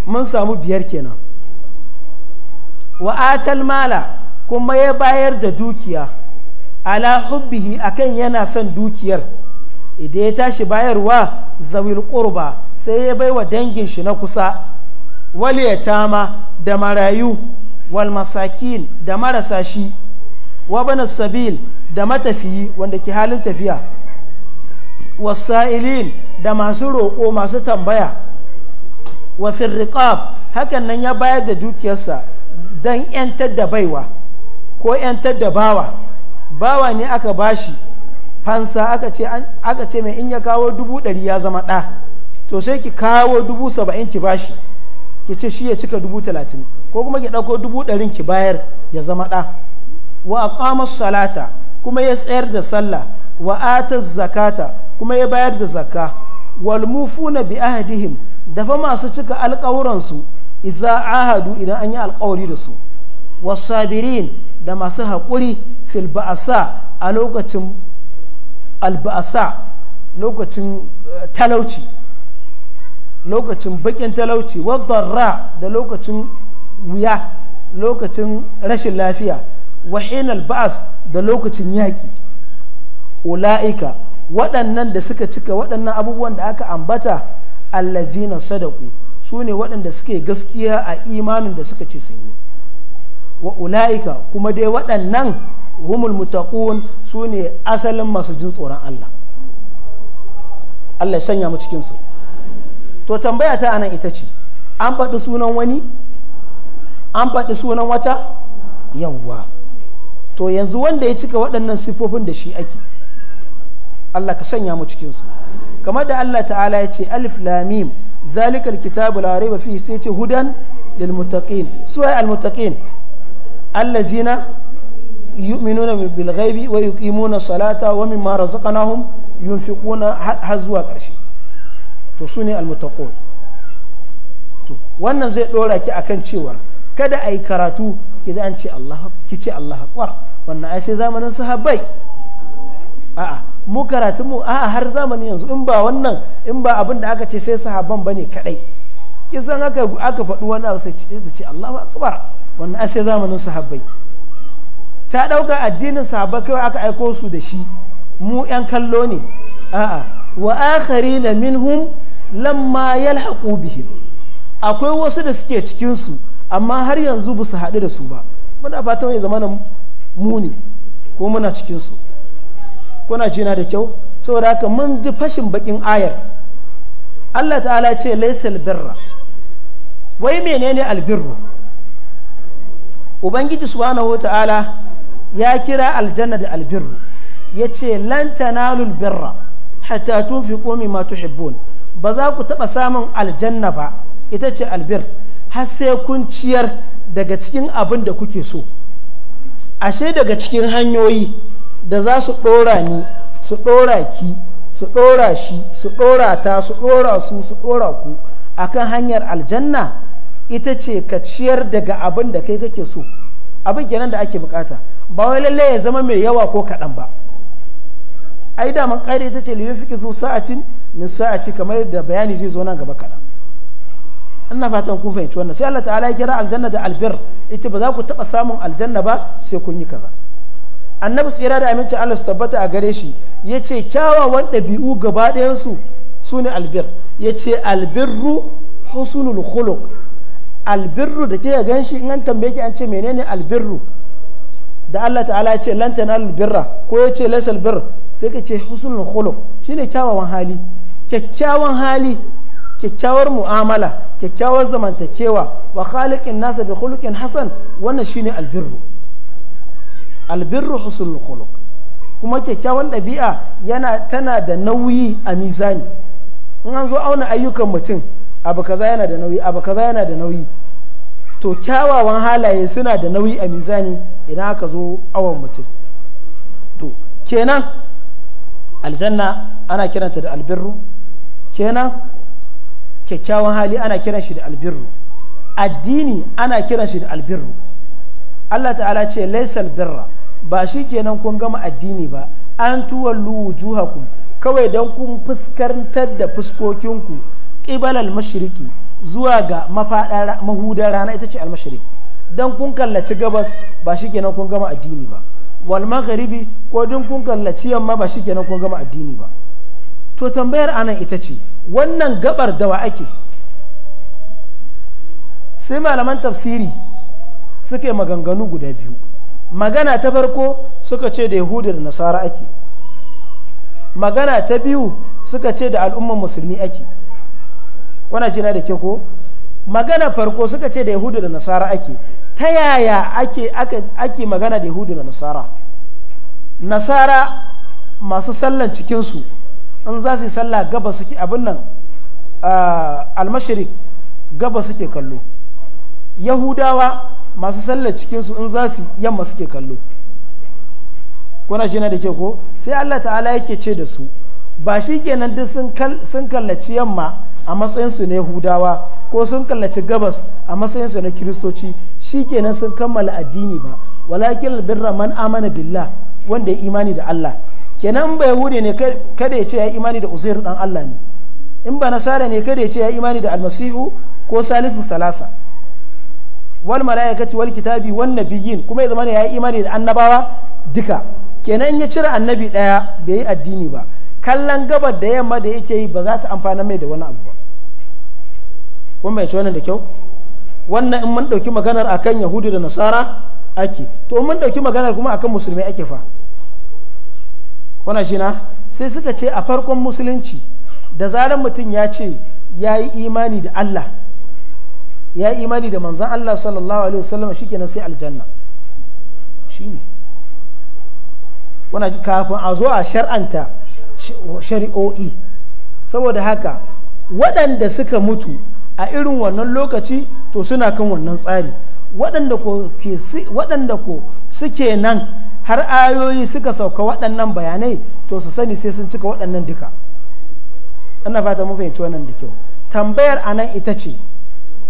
mun samu biyar kenan wa atal mala kuma ya bayar da dukiya ala hubbihi akan yana son dukiyar idan ya tashi bayarwa zawil qurba sai ya baiwa dangin shi na kusa wal yatama da marayu wal masakin da marasa shi wa sabil da matafiyi wanda ke halin tafiya wasa'ilin da masu roƙo masu tambaya wa firriqab hakan nan ya bayar da dukiyarsa don 'yantar da baiwa ko 'yantar da bawa bawa ne aka bashi fansa aka ce mai in ya kawo dubu ɗari ya zama ɗa to sai ki kawo dubu saba'in ki bashi ki ce shi ya cika dubu talatin ko kuma ki ɗauko dubu ɗarin ki bayar ya zama ɗa wa aqama salata kuma ya tsayar da sallah wa ata zakata kuma ya bayar da zakka wal mufuna bi ahdihim da fa masu cika alƙawuransu idza ahadu idan an yi alƙawari da su wasabirin da masu haƙuri fil ba'asa a lokacin alba'asa lokacin eh, talauci lokacin bakin talauci ra da lokacin wuya lokacin rashin lafiya wahinal alba'as da lokacin yaƙi ula'ika waɗannan da suka cika waɗannan abubuwan da aka ambata allazina sadaku su ne waɗanda suke gaskiya a imanin da suka ce sun yi wa ula'ika kuma dai waɗannan humul mutaqun su ne asalin masu jin tsoron Allah Allah ya sanya mu cikin su to tambaya ta anan ita ce an faɗi sunan wani an faɗi sunan wata yawwa to yanzu wanda ya cika waɗannan sifofin da shi ake Allah ka sanya mu cikin su kamar da Allah ta'ala ya ce alif lamim zalikal kitabu la raiba fi sai ce hudan lil muttaqin suwaye al allazina yu'minuna bil ghaibi wa yuqimuna salata wa mimma razaqnahum yunfiquna har zuwa karshe to su ne almuttaqun wannan zai dora ki akan cewar kada a yi karatu ki an ce Allah ki ce Allah akbar wannan ai sai zamanin sahabbai a'a mu karatu mu a'a har zamanin yanzu in ba wannan in ba abin da aka ce sai sahabban bane kadai kisan aka aka faɗi wani abu sai ce Allah akbar wannan ashe zamanin sahabbai ta ɗauka addinin sahabbai kawai aka aiko su da shi mu 'yan kallo ne a'a wa akari na minhum lamma yalhaqu bihim akwai wasu da suke cikinsu amma har yanzu ba su haɗu da su ba muna fata mai zama mu ne ko muna cikin kuna jina da kyau saboda haka mun ji fashin bakin ayar Allah ta'ala ce laisal birra wai menene albirru ubangiji subhanahu ta'ala ya kira aljanna da albirru ya ce lan tanalul birra hatta tunfiqu mimma tuhibbun ba za ku taɓa samun aljanna ba ita ce albir har sai kun ciyar daga cikin abin da kuke so ashe daga cikin hanyoyi da za su ɗora ni su ɗora ki su ɗora shi su ɗora ta su ɗora su su ɗora ku akan hanyar aljanna ita ce ka ciyar daga abin da kai kake so abin kenan da ake bukata ba wai lalle ya zama mai yawa ko kaɗan ba ai da man ƙari ita ce liyu fiki so sa'atin min sa'ati kamar da bayani zai zo nan gaba kaɗan ina fatan kun fahimci wannan sai Allah ta'ala ya kira aljanna da albir ita ba za ku taɓa samun aljanna ba sai kun yi kaza annabi tsira da amincin Allah su tabbata a gare shi ya ce kyawawan ɗabi'u gaba ɗayansu su ne albir ya ce albirru husnul khuluq albirru da kika gan shi in an tambaye ki an ce menene albirru da Allah ta'ala ya ce lan tanalul ko ya ce lasal birr sai ka ce husnul khuluq shine kyawawan hali kyakkyawan hali kyakkyawar mu'amala kyakkyawar zamantakewa wa khaliqin nasa bi khuluqin hasan wannan shine albirru albirru husnul khuluq kuma kyakkyawan ɗabi'a yana tana da nauyi a mizani in an zo auna ayyukan mutum abu kaza yana da nauyi abu kaza yana da nauyi to kyawawan halaye suna da nauyi a mizani idan aka zo awon mutum to kenan aljanna ana kiranta da albirru kenan kyakkyawan hali ana kiran shi da albirru addini ana kiran shi da albirru Allah ta'ala ce laisal birra ba shi kenan kun gama addini ba an tuwallu wujuhakum kawai don kun fuskantar da fuskokinku Kibalar mashiriki zuwa ga mafada mahudar rana ita ce al don dan kun kallaci gabas ba kenan kun gama addini ba wal magharibi ko din kun kallaci yamma ba kenan kun gama addini ba to tambayar anan ita ce wannan gabar dawa ake sai malaman tafsiri suka yi maganganu guda biyu magana ta farko suka ce da yahudu da nasara ake magana ta biyu suka ce da al'ummar musulmi ake wana jina da ke ko magana farko suka ce da yahudu da nasara ake ta yaya ake, ake magana da yahudu da nasara nasara masu sallan cikinsu in za su yi sallah gaba suke abin nan almashirik gaba suke kallo yahudawa masu sallar cikinsu in za su yamma suke kallo kuna shi na da ke ko sai allah ta'ala yake ce da su ba shi kenan duk sun kallaci yamma a matsayinsu na yahudawa ko sun kallaci gabas a matsayinsu na kiristoci shi kenan sun kammala addini ba walakin birra man amana billah wanda ya imani da Allah kenan in ba ne kada ya ce ya imani da uzair dan Allah ne in ba nasara ne kada ya ce ya imani da almasihu ko salisu salasa wal malaikati wal kitabi wan nabiyyin kuma ya zama ya imani da annabawa duka kenan in ya cire annabi daya bai yi addini ba kallon gabar da yamma da yake yi ba za ta amfana mai da wani abu ba kun mai wannan da kyau wannan in mun ɗauki maganar akan yahudu da nasara ake to mun ɗauki maganar kuma akan Musulmi ake fa kuna shi na sai suka ce a farkon musulunci da zarar mutum ya ce ya yi imani da allah ya yi imani da manzan allah sallallahu alaihi wasallam kenan sai aljanna shine kuna kafin a zo a shar'anta shari'o'i saboda haka waɗanda suka mutu a irin wannan lokaci to suna kan wannan tsari waɗanda ko suke nan har ayoyi suka sauka waɗannan bayanai to su sani sai sun cika waɗannan duka ana fata mu fahimci wannan da kyau tambayar a nan ita ce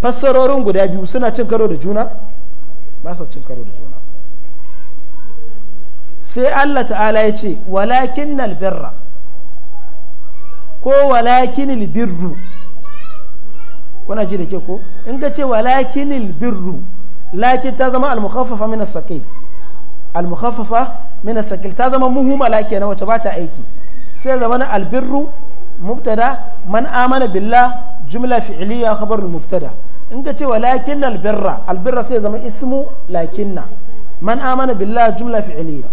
fassarorin guda biyu suna cin karo da juna ba su cin karo da juna sai allah ta'ala ya ce walakin nalbirra ko walakinil birru kuna ji da ke ko in ka ce walakinil birru lakin ta zama almukhaffafa min as-saqil almukhaffafa min as-saqil ta zama muhuma lakin na wacce ba ta aiki sai zama na albirru mubtada man amana billah jumla fi'liya khabar mubtada in ka ce walakin albirra albirra sai zama ismu lakinna man amana billah jumla fi'liya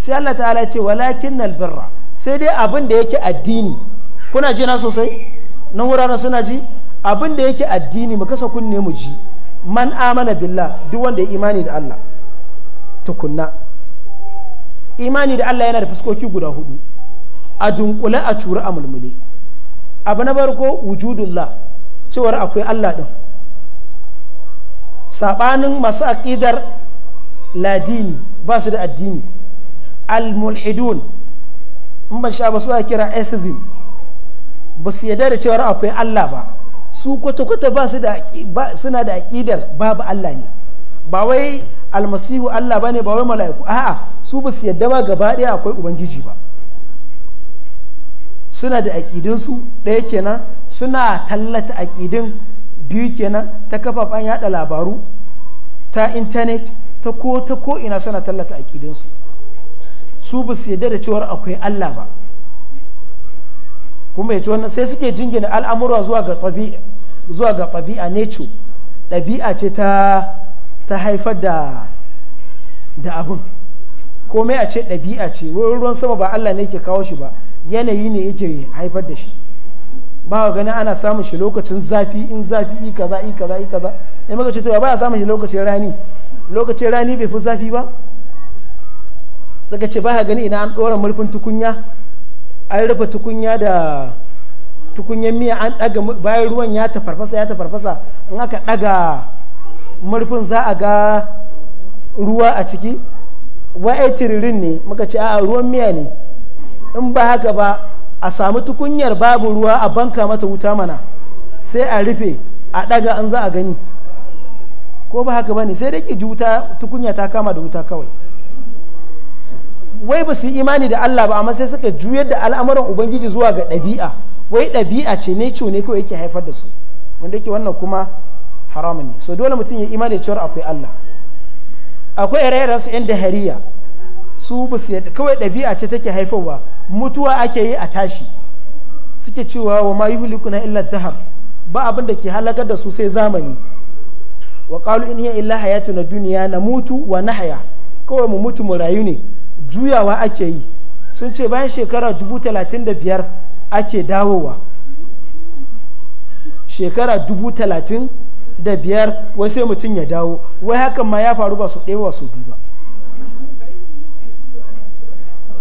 sai Allah ta'ala ce walakin al-birra sai dai abin da yake addini kuna ji na sosai nan wuraren suna ji abin da yake addini mu kasa kunne mu ji man amana billah duk wanda ya imani da Allah tukunna imani da Allah yana da fuskoki guda hudu a dunkule a curi a mulmule abu na farko wujudullah cewar akwai Allah din sabanin masu aqidar ladini ba su da addini al-mulhidun in ban sha ba su kira asizim ba su yarda da cewar akwai Allah ba su kwata-kwata ba suna da aƙidar babu Allah ne ba wai almasihu Allah ba ne ba wai mala'iku a'a su ba su yarda ba gaba ɗaya akwai ubangiji ba suna da aƙidinsu ɗaya kenan suna tallata aƙidin biyu kenan ta kafafen yada labaru ta intanet ta ko ta ko ina suna tallata aƙidinsu su ba su yarda da cewar akwai Allah ba kuma ya ci wannan sai suke jingina al'amura zuwa ga zuwa ga tabi'a nature ɗabi'a ce ta ta haifar da da abin komai a ce ɗabi'a ce wurin ruwan sama ba Allah ne ke kawo shi ba yanayi ne yake haifar da shi ba gani ana samun shi lokacin zafi in zafi i kaza i kaza i kaza in maka ce to ba samun shi lokacin rani lokacin rani bai fi zafi ba suka ce ba gani ina an ɗora murfin tukunya an rufe tukunya da tukunyan miya an daga bayan ruwan ya farfasa ya farfasa in aka daga murfin za a ga ruwa a ciki wa'ai tiririn ne muka ce a ruwan miya ne in ba haka ba a samu tukunyar babu ruwa a banka mata wuta mana sai a rufe a daga an za a gani ko ba haka ba ne sai dai ki ji wuta tukunya ta kama da wuta kawai wai ba su yi imani da Allah ba amma sai suka juyar da al'amuran ubangiji zuwa ga ɗabi'a wai ɗabi'a ce ne ciwo ne kawai yake haifar da su wanda yake wannan kuma haramun ne so dole mutum ya yi imani da cewar akwai Allah akwai ire su yan hariya su ba su kawai ɗabi'a ce take haifarwa mutuwa ake yi a tashi suke cewa wa ma na illa dahar ba abin da ke halakar da su sai zamani wa qalu in hiya illa duniya na mutu wa na haya kawai mu mutu mu rayu ne juyawa ake yi sun ce bayan shekara dubu talatin da biyar ake dawowa shekara dubu wai sai mutum ya dawo wai hakan ma ya faru ba su ɗewa su biyu ba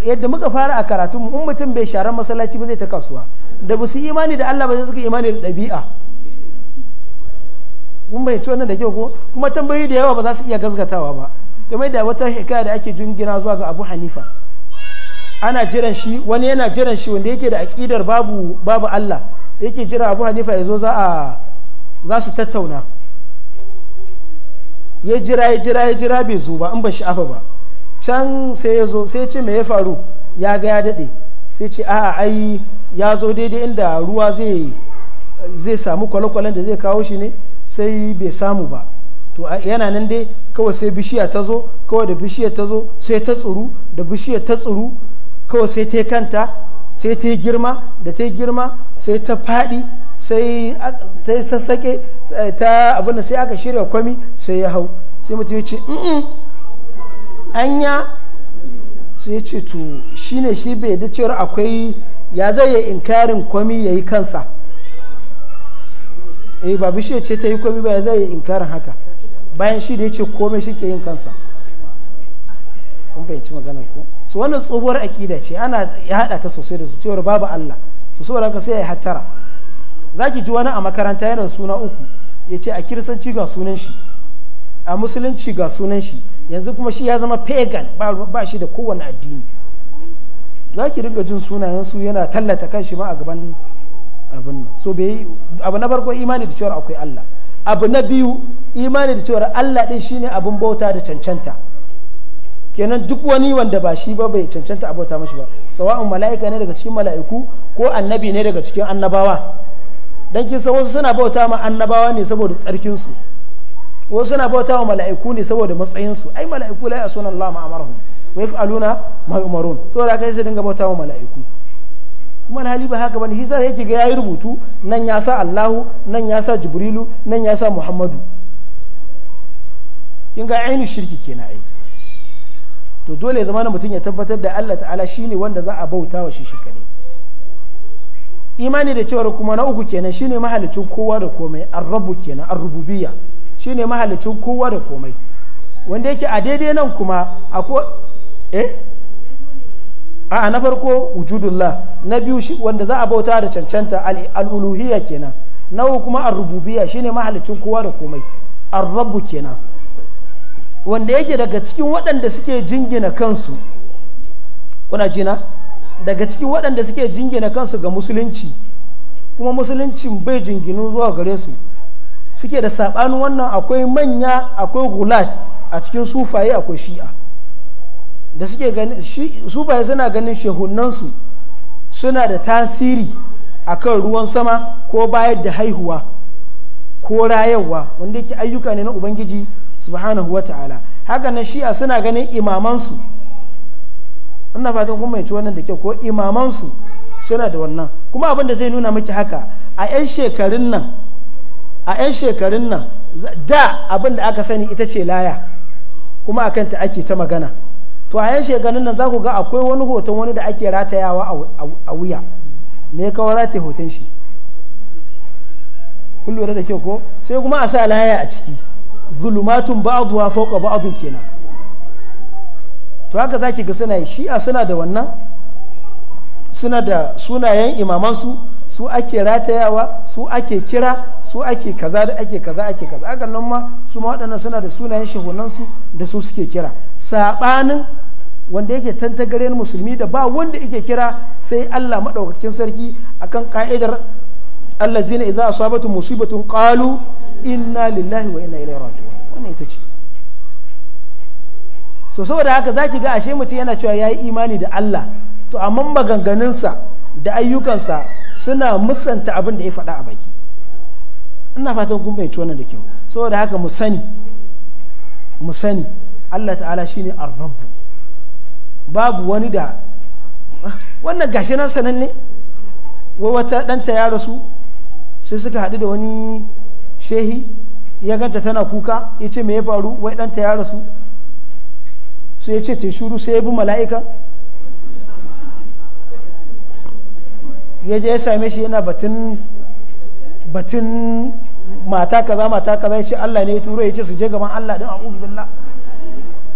yadda muka fara a karatu in mutum bai sharar masallaci ba zai ta kasuwa da ba su imani da Allah ba sai suka imani da ɗabi'a mun bai ci wannan da kyau ko kuma tambayi da yawa ba za su iya gazgatawa ba kamar da wata hikaya da ake jingina zuwa ga abu hanifa ana jiran shi wani yana jiran shi wanda yake da aƙidar babu allah yake jira abu hanifa ya zo za a za su tattauna ya jira ya jira ya jira bai zo ba in ba sha'afa ba can sai ya zo sai ce me ya faru ya ga ya daɗe sai ce a'a ai ya zo daidai inda ruwa zai zai samu kwale-kwalen da zai kawo shi ne sai bai samu ba to yana nan dai kawai sai bishiya ta zo kawai da bishiya ta zo sai ta tsuru da bishiya ta tsuru kawai sai ta kanta sai ta girma da ta girma sai ta faɗi sai ta yi sassaƙe eh, ta abinda sai aka shirya kwami sai ya hau sai mutum ya ce anya sai ya ce to shi ne shi bai da cewar akwai ya zai yi inkarin kwami ya yi kansa eh ba bishiyar ce ta yi kwami ba ya zai yi inkarin haka bayan shi da ya ce komai shi ke yin kansa kun fahimci maganar ku su wannan tsohuwar akida ce ana ya haɗa ta sosai da su cewar babu Allah su saboda ka sai ya yi hattara za ki ji wani a makaranta yana suna uku ya ce a kiristanci ga sunan shi a musulunci ga sunan shi yanzu kuma shi ya zama pagan ba shi da kowane addini za ki riga jin sunayen su yana tallata kan shi ma a gaban abin so bai abu na barko imani da cewar akwai Allah abu na biyu imani da cewar Allah din ne abin bauta da cancanta kenan duk wani wanda ba shi ba bai cancanta a bauta mashi ba tsawon mala'ika ne daga cikin mala'iku ko annabi ne daga cikin annabawa don kin san wasu suna bauta ma annabawa ne saboda tsarkinsu? wasu suna bauta wa mala'iku ne saboda matsayinsu? ai mala'iku la sunan Allah ma amarhum wa yaf'aluna ma yu'marun saboda kai sai dinga bauta wa mala'iku kuma alhali ba haka bane shi sa yake ga yayi rubutu nan ya sa Allahu nan ya sa Jibrilu nan ya sa Muhammadu kin ga ainu shirki kenan ai to dole zama na mutum ya tabbatar da Allah ta'ala shine wanda za a bauta wa shi shi kadai imani da cewar kuma na uku kenan shine mahalicin kowa da komai ar-rabbu kenan ar-rububiyya shine mahalicin kowa da komai wanda yake a daidai nan kuma akwai eh a na farko wujudullah na biyu wanda za a bauta da cancanta al'uluhiyya kenan na uku kuma ar shine mahalicin kowa da komai ar-rabbu kenan wanda yake daga cikin waɗanda suke jingina kansu kuna jina daga cikin waɗanda suke jingina kansu ga musulunci kuma musulunci bai jinginu zuwa gare su suke da saɓanin wannan akwai manya akwai hulat a cikin sufaye akwai shi'a da suke ganin su ba suna ganin shehunansu suna da tasiri akan ruwan sama ko bayar da haihuwa ko rayarwa wanda yake ayyuka ne na ubangiji subhanahu wa ta'ala haka na shi'a suna ganin imamansu ina fatan kuma ci wannan da kyau ko imamansu suna da wannan kuma abin da zai nuna miki haka a 'yan shekarun nan a 'yan shekarun nan da abin da aka sani ita ce laya kuma akan ta ake ta magana to a yan shekarun nan za ku ga akwai wani hoton wani da ake ratayawa a wuya me kawo rataye hoton shi kun lura da kyau ko sai kuma a sa laya a ciki zulumatun ba'duha fauka ba'adun kenan to haka zaki ga suna shi'a suna da wannan suna da sunayen imamansu su ake ratayawa su ake kira su ake kaza da ake kaza ake kaza hakan nan ma su ma waɗannan suna da sunayen shehunansu da su suke kira saɓanin wanda yake tantagaren musulmi da ba wanda yake kira sai Allah maɗaukakin sarki akan ka'idar Allah zina idza asabatu musibatun qalu inna lillahi wa inna ilaihi raji'un wannan ita ce so saboda haka zaki ga ashe mutum yana cewa ya yi imani da Allah to amma maganganunsa da ayyukansa suna musanta abin da ya faɗa a baki ina fatan kun bai wannan da kyau saboda haka mu mu sani Allah ta'ala shine ar-rabb babu wani da wannan gashi nan sananne wa wata danta ya rasu sai suka haɗu da wani shehi ya ganta tana kuka ya ce me ya faru wai danta ya rasu sai ya ce ta shuru sai ya bi mala'ika ya je ya same shi yana batun batun mata kaza mata kaza ya ce Allah ne ya turo ya ce su je gaban Allah din a'udhu billah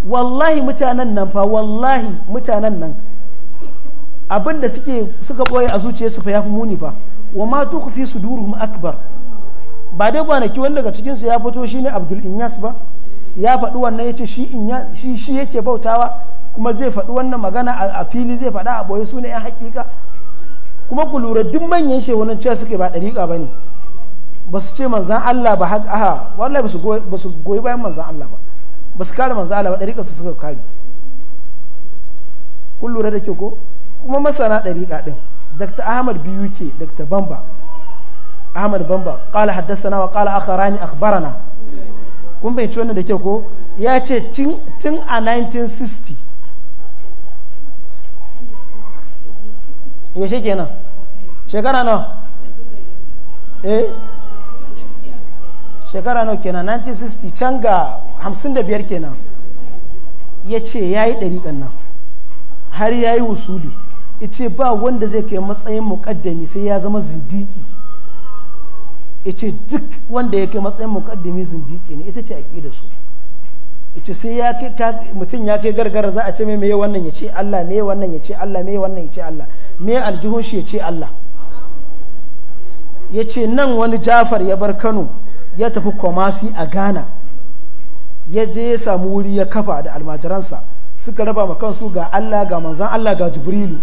wallahi mutanen nan fa wallahi mutanen nan abin da suke suka boye a zuciyarsu fa ya fi muni fa wa ma su suduruhum akbar ba dai kwanaki wani daga cikinsu ya fito shine abdul inyas ba ya faɗi wannan ya ce shi shi yake bautawa kuma zai faɗi wannan magana a fili zai faɗa a su ne yan hakika kuma ku lura duk manyan shehunan cewa suke ba ɗariƙa ba ne ba su ce manzan allah ba haka wallahi ba su goyi bayan manzan allah ba ba su kare manzo Allah ba ɗariƙa su suka kare kun lura da ke ko kuma masana ɗariƙa ɗin dr ahmad biyu ke dr bamba ahmad bamba ƙala haddasa wa ƙala akharani akhbarana kun bai wannan da ke ko ya ce tun a 1960 yaushe kenan shekara nawa eh shekara nau kenan 1960 can ga 55 kenan ya ce ya yi ɗariƙan nan har ya yi wusuli ce ba wanda zai kai matsayin muƙaddami sai ya zama zindiki ce duk wanda ya kai matsayin muƙaddami zindiki ne ita ce a da su ce sai ya mutum ya kai gargara za a ce mai mai wannan ya ce Allah mai wannan ya ce Allah mai wannan ya ce Allah mai aljihun shi ya ce Allah ya ce nan wani jafar ya bar kano ya tafi komasi a ghana ya je ya samu wuri ya kafa da almajiransa suka raba ma kansu ga allah ga manzan allah ga jibrilu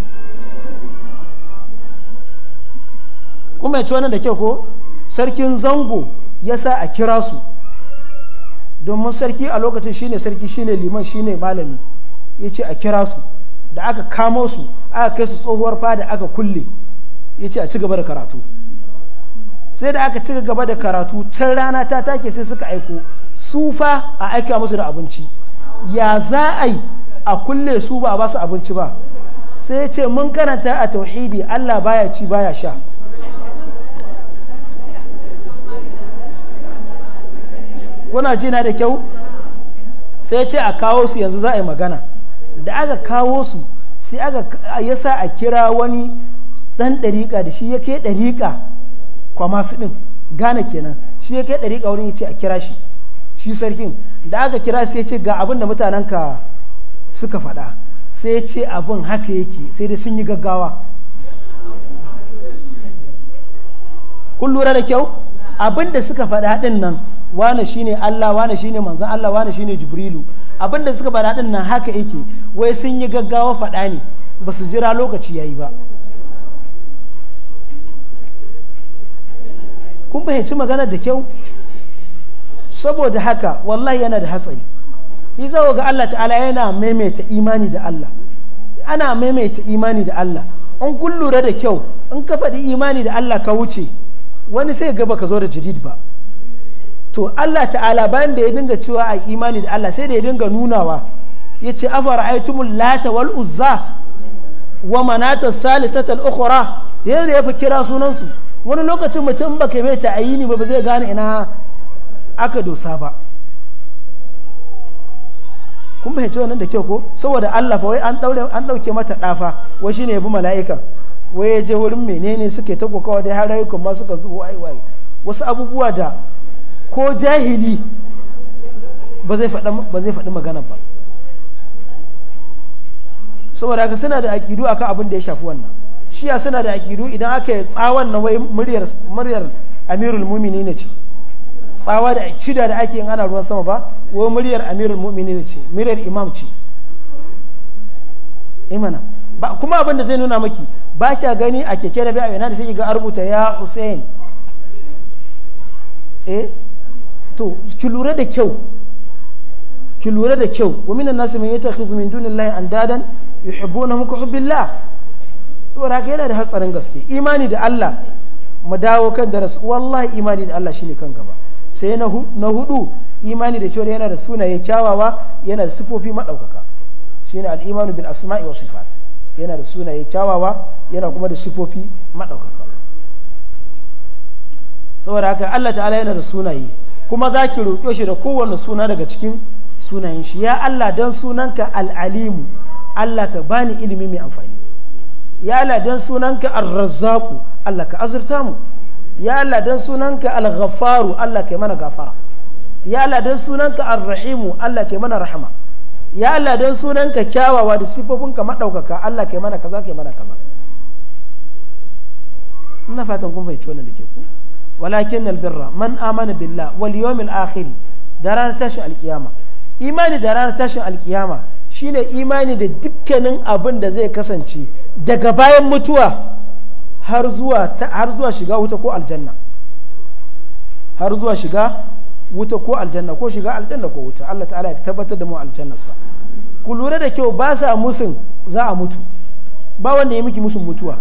kuma ya ci wannan da kyau ko sarkin zango ya sa a kira su domin sarki a lokacin shine sarki shine liman shine malami ya ce a kira su da aka kamo su aka kai su tsohuwar fada aka kulle ya ce a ci gaba da karatu sai da aka cika gaba da karatu can rana ta take sai suka aiko su fa a aika musu da abinci ya za a yi a kulle su ba a ba su abinci ba sai ce mun karanta a tauhidi allah baya ci baya sha kuna jina da kyau sai ce a kawo su yanzu za a yi magana da aka kawo su sai aka yasa a kira wani dan dariƙa da shi ya ke dariƙa. kwamasu din gane kenan shi ya kai ɗari wurin ya ce a kira shi shi sarkin da aka kira sai ya ce ga abin da mutanen ka suka faɗa sai ya ce abin haka yake sai dai sun yi gaggawa kun lura da kyau abin da suka faɗa ɗin nan wane shine Allah wane shine manzan Allah wane shine Jibrilu abin da suka faɗa ɗin nan haka yake wai sun yi gaggawa faɗa ne ba su jira lokaci ya yi ba kun fahimci magana da kyau saboda haka wallahi yana da hatsari zawo ga Allah ta'ala yana maimaita imani da Allah ana maimaita imani da Allah An kun lura da kyau in ka faɗi imani da Allah ka wuce wani sai gaba ka zo da jadid ba to Allah ta'ala bayan da ya dinga cewa a imani da Allah sai da ya dinga nunawa ya ce afara aitumul lata wal uzza wa manata salisatal ukhra yadda ya fi kira sunansu wani lokacin mutum ba ka mai a ba ba zai gane ina aka dosa ba kun fahimci wannan da kyau ko saboda Allah wai an ɗauke dauke mata dafa wai shine bi mala'ika wai ya je wurin menene suke ta kokawa dai har rayukan ma suka zuwa ai wasu abubuwa da ko jahili ba zai faɗi magana ba saboda haka suna da aƙidu akan abin da ya shafi wannan shiya suna da akidu idan aka yi tsawon na muryar muryar amirul mumini ne ce tsawa da cida da ake yin ana ruwan sama ba wai muryar amirul mumini ne ce muryar imam ce imana eh ba kuma abin da zai nuna maki ba kya gani a keke da a da sai ga a rubuta ya hussein eh to ki lura da kyau ki lura da kyau wa minan nasu man yatakhidhu min dunillahi andadan muka ka hubbillah saboda haka yana da hatsarin gaske imani da Allah mu dawo kan da rasu wallahi imani da Allah shine kan gaba sai na hudu imani da cewa yana da sunaye kyawawa yana da sifofi madaukaka shine al-imanu bil asma'i wa sifat yana da sunaye kyawawa yana kuma da sifofi madaukaka saboda haka Allah ta'ala yana da sunaye kuma za ki roƙe shi da kowanne suna daga cikin sunayen shi ya Allah dan sunanka al-alimu Allah ka bani ilimi mai amfani ya ladan sunanka arrazzaku Allah ka azurta mu ya ladan sunanka alghafaru Allah ke mana gafara ya ladan sunanka arrahimu Allah ke mana rahama ya ladan sunanka kyawawa da sifofinka maɗaukaka Allah ke mana kaza ke mana kaza ina fatan kun fahimci wannan da ke ku walakin albirra man amana billah wal yawmil akhir da ranar tashin alkiyama imani da ranar tashin alkiyama shine imani da dukkanin abin da zai kasance daga bayan mutuwa har zuwa har zuwa shiga wuta ko aljanna har zuwa shiga wuta ko aljanna ko shiga aljanna ko wuta Allah ta'ala ya tabbatar da mu aljannarsa ku lura da kyau ba sa musun za a mutu ba wanda ya miki musun mutuwa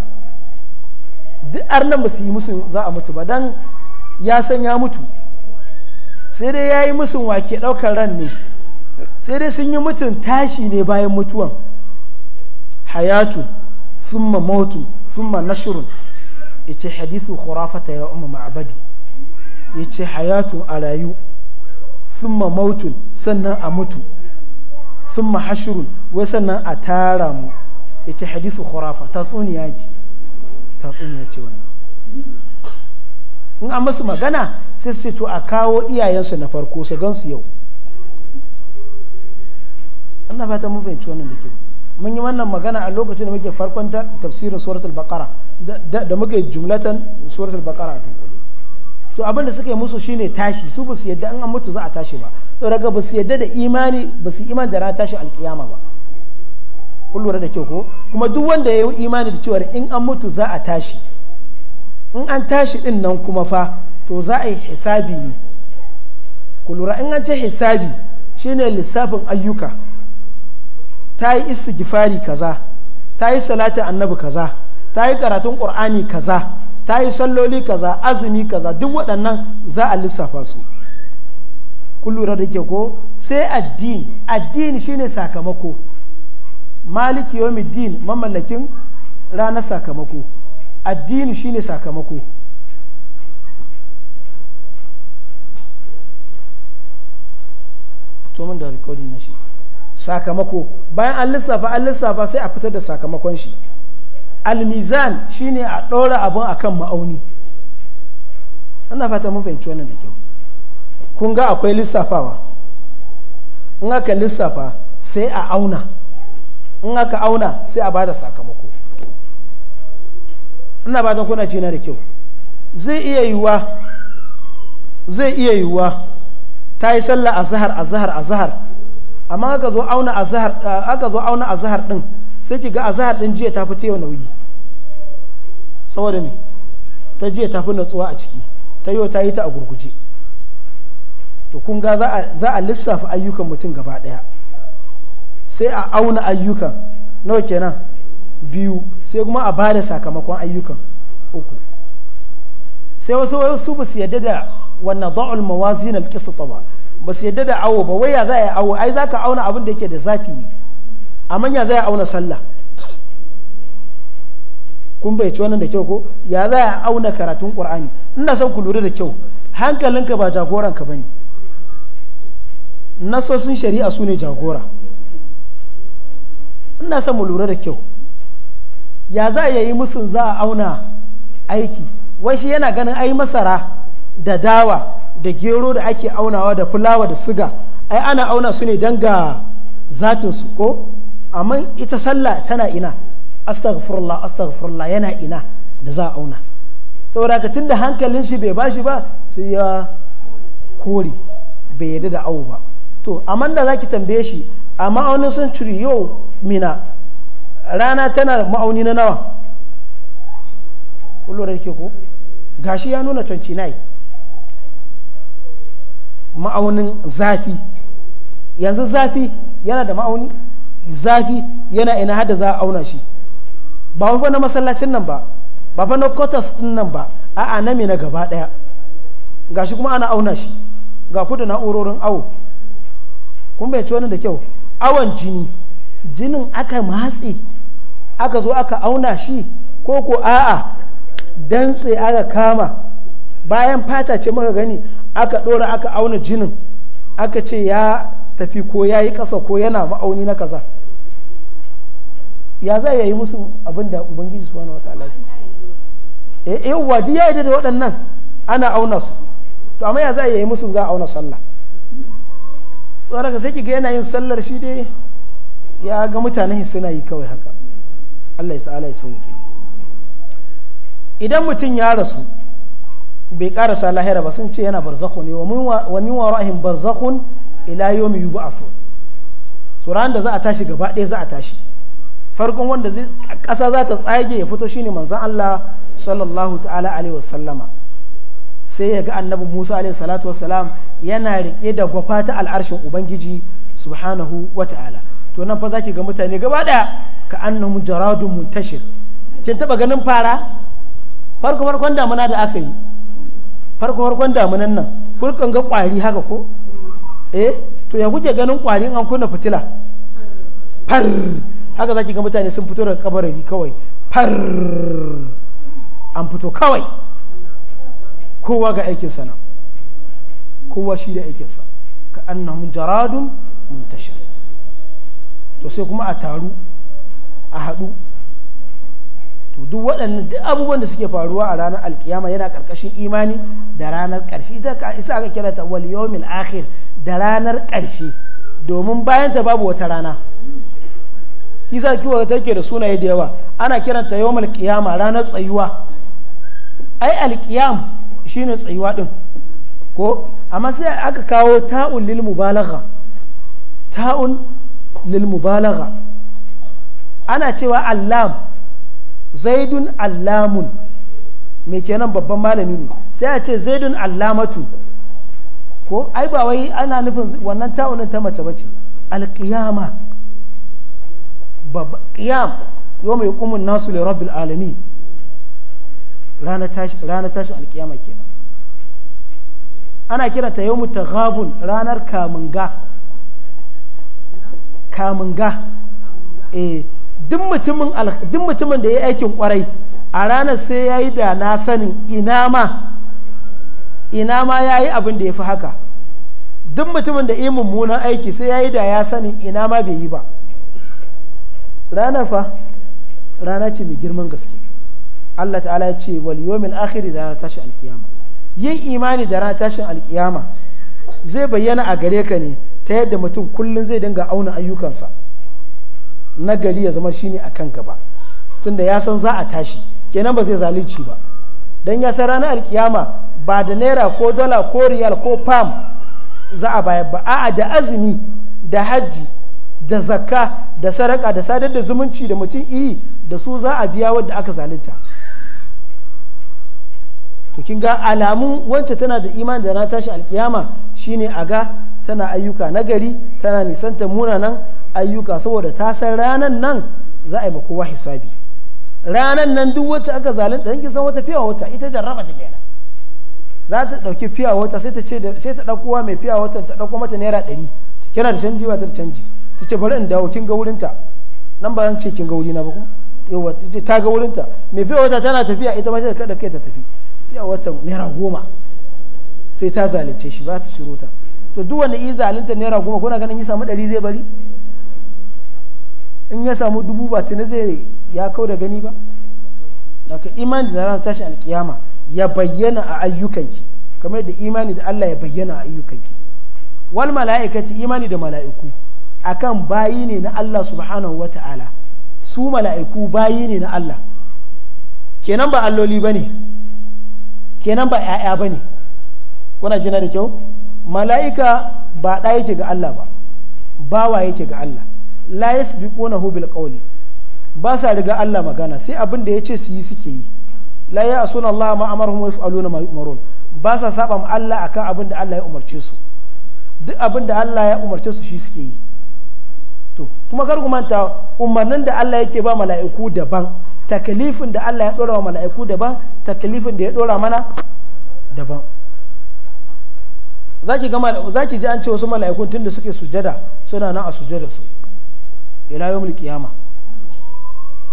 duk arnan ba su yi musun za a mutu ba dan ya san ya mutu sai dai ya yi musun wake ɗaukar ran ne sai dai sun yi mutum tashi ne bayan mutuwan hayatu summa mautu summa ya yace hadithu khurafata ya umma ma'abadi yace hayatu a rayu summa mautu sannan a mutu summa hashirun wai sannan a tara mu yace hadithu khurafa tatsuniya ce tsuniya ce wannan in an masu magana sai su ce to a kawo iyayensu na farko su gansu yau ina fata mun fahimci wannan da ke mun yi wannan magana a lokacin da muke farkon ta tafsirin suratul baqara da muke jumlatan suratul baqara a dunkule to abin da suka yi musu shine tashi su ba su yadda an mutu za a tashi ba to daga ba su yadda da imani ba su imani da ranar tashi alkiyama ba kun da kyau ko kuma duk wanda ya yi imani da cewa in an mutu za a tashi in an tashi din nan kuma fa to za a yi hisabi ne ku lura in an ce hisabi shine lissafin ayyuka ta yi istighfari kaza ta yi salatin annabi kaza ta yi karatun qur'ani kaza ta yi salloli kaza azumi kaza duk waɗannan za a lissafa su kun lura da ke ko sai addini addini shine sakamako maliki yomiddin mamallakin ranar sakamako addini shine sakamako to da na shi sakamako bayan an lissafa an lissafa sai a fitar da sakamakon shi almizan shine a ɗora abin kan ma'auni ana fata mun fahimci wannan da kyau kun ga akwai lissafawa in aka lissafa sai a auna in aka auna sai a bada sakamako ina fatan kuna jina da kyau zai iya yiwuwa zai iya yiwuwa ta yi sallah a zahar a zahar a zahar amma aka zo auna azahar eh, zahar din sai ki ga zahar din jiya ta fita yau nauyi saboda me ta jiya ta fi natsuwa a ciki ta yau ta yi ta a gurguje to kun ga za a lissafa ayyukan mutum gaba daya sai a auna ayyukan nawa kenan biyu sai kuma a bada sakamakon ayyukan uku sai wasu su ba su yadda da wannan da'ul mawazin al ba ba su yadda da awo ba wai ya za a yi awo ai za ka auna abin da yake da zati ne a manya za a auna sallah kun bai ci wannan da kyau ko ya za a auna karatun qur'ani ina son ku lura da kyau hankalinka ba jagoranka ba ne nasosin shari'a su ne jagora ina son mu lura da kyau ya za a yi musun za a auna aiki wai shi yana ganin ai masara da dawa da gero da ake aunawa da fulawa da suga ai ana auna su ne don ga zatin su ko amma ita sallah tana ina astaghfirullah astaghfirullah yana ina da za a auna saboda ka tunda hankalin shi bai bashi ba su ya kori bai yadda da awu ba to amma da ki tambaye shi a ma'aunin sun ciri yau mina rana tana ma'auni na nawa kullum da ke ko gashi ya nuna 29 ma'aunin zafi yanzu zafi yana da ma'auni zafi yana ina hada za a auna shi ba wafa na masallacin nan ba ba fa na kotas din nan ba a'a na na gaba daya gashi kuma ana auna shi ga kudu da na'urorin awo kun bai wani da kyau awon jini jinin aka matse aka zo aka auna shi ko ko a'a dantse aka kama bayan fata ce muka gani aka ɗora aka auna jinin aka ce ya tafi ko ya yi ƙasa ko yana ma'auni na kaza ya za a yi musu abin da ubangiji su wani wata alaƙi eh wadi ya yi da waɗannan ana auna su to amma ya za a yi musu za a auna sallah tsoron ka sai ki ga yana yin sallar shi dai ya ga mutanen suna yi kawai haka Allah ya ta'ala ya sauke idan mutum ya rasu bai karasa lahira ba sun ce yana barzakhu ne wa min warahim barzakhun ila yawmi yub'athu so ran da za a tashi gaba ɗaya za a tashi farkon wanda ƙasa za ta tsage ya fito shine manzon Allah sallallahu ta'ala alaihi wasallama sai ya ga annabi Musa alaihi salatu wassalam yana rike da gwafa ta al'arshin ubangiji subhanahu wa to nan fa zaki ga mutane gaba ɗaya ka annahum jaradun muntashir kin taba ganin fara farko farkon damuna da aka yi farko farkon damunan nan kulkan ga kwari haka ko eh to ya kuke ganin kwari an kunna fitila far haka zaki ga mutane sun fito daga kabarari kawai far an fito kawai kowa ga aikin sana kowa shi da aikinsa ka annahum jaradun muntashir to sai kuma a taru a haɗu to duk waɗannan duk abubuwan da suke faruwa a ranar alkiyama yana ƙarƙashin imani da ranar ƙarshe ita ka isa aka kira ta wal yawmil akhir da ranar ƙarshe domin bayan ta babu wata rana isa kiwo take da sunaye da yawa ana kiranta yawmil qiyama ranar tsayuwa ai alkiyam shine tsayuwa din ko amma sai aka kawo ta'un lil mubalagha ta'un lil mubalagha ana cewa allam zaidun allamun mai kenan babban malami ne sai a ce zaidun allamatu ko ai ba wai ana nufin wannan ta'unin ta mace bace alqiyama qiyam yawma yaqumun nasu li rabbil alamin rana tashi rana tashi alqiyama kenan ana kiranta yawmu taghabun ranar kamunga kamunga eh duk mutumin da ya aikin kwarai a ranar sai ya yi da na sanin ina ma ina ma ya yi abin da ya fi haka duk mutumin da yi mummunan aiki sai ya yi da ya sanin ina ma bai yi ba ranar fa rana ce mai girman gaske Allah ta'ala ya ce wal yomin akhiri da ranar tashin alkiyama yin imani da ranar tashin alkiyama zai bayyana a gare ka ne ta yadda mutum kullum zai dinga auna ayyukansa Nagari ya zama shine a kan gaba tunda ya san za a tashi kenan ba zai zalunci ba don ya san ranar alkiyama ba da naira ko dala ko riyal ko pam za a bayar ba a'a da azumi da hajji da zakka da saraka da sadar da zumunci da mutum iyi da su za a biya wadda aka zalunta to kin ga alamun wancan tana da imani da na tashi alkiyama shine a ga tana ayyuka nagari tana nisanta munanan ayyuka saboda ta san ranan nan za a yi kowa hisabi ranan nan duk wacce aka zalunta yankin san wata fiya wata ita jarraba ta kenan za ta dauki fiya wata sai ta ce sai ta ɗaukowa mai fiya wata ta ɗauko mata naira ɗari kina da canji ba ta da canji ta ce bari in dawo kin ga wurinta nan ba zan ce kin ga wurina ba kuma yawa ta ga wurinta mai fiya wata tana tafiya ita ma da kai ta tafi fiya wata naira goma sai ta zalunce shi ba ta shiro ta to duk wanda yi zalunta naira goma kuna ganin ya samu ɗari zai bari in ya samu dubu ba tuni zai ya kau da gani ba daga imani da ranar tashin alkiyama ya bayyana a ayyukanki kamar da imani da Allah ya bayyana a ayyukanki wal mala'ikati imani da mala'iku akan bayi ne na Allah subhanahu wata'ala su mala'iku bayi ne na Allah kenan ba alloli ba ne. kenan ba 'ya'ya ne. kuna jina da kyau mala'ika ba ɗa yake ga Allah ba bawa yake ga Allah la yasbiqunahu bil qawli ba sa riga Allah magana sai abin da yace su yi suke yi la ya asuna Allah ma amarhum wa yaf'aluna ma yu'marun ba sa saba ma Allah akan abin da Allah ya umarce su duk abin da Allah ya umarce su shi suke yi to kuma kar ku manta umarnin da Allah yake ba mala'iku daban takalifin da Allah ya dora wa mala'iku daban takalifin da ya dora mana daban gama za ki ji an ce wasu mala'ikun tunda suke sujada suna nan a sujada su ila yawmul qiyama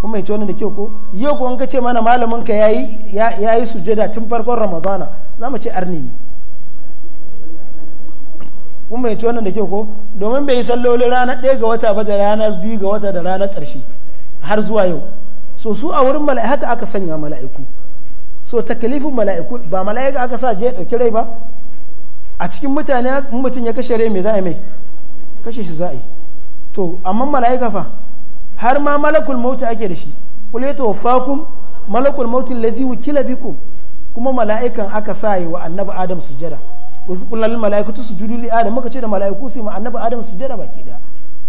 kuma yace wannan da kyau ko yau ko an ka ce mana malamin ka yayi yayi sujada tun farkon ramadana zamu ce arni ne kuma yace wannan da kyau ko domin bai yi sallolin ranar ɗaya ga wata ba da ranar biyu ga wata da ranar ƙarshe har zuwa yau so su a wurin mala'i haka aka sanya mala'iku so takalifin mala'iku ba mala'ika aka sa je ɗauki rai ba a cikin mutane mutum ya kashe rai mai za a mai kashe shi za a yi to amma mala'ika fa har ma malakul mauti ake da shi kule to fakum malakul mauti lazi wukila biku kuma mala'ikan aka sa yi wa annabi adam sujada wasu kullal mala'ikatu su li adam muka ce da mala'iku su yi ma annabi adam sujada baki da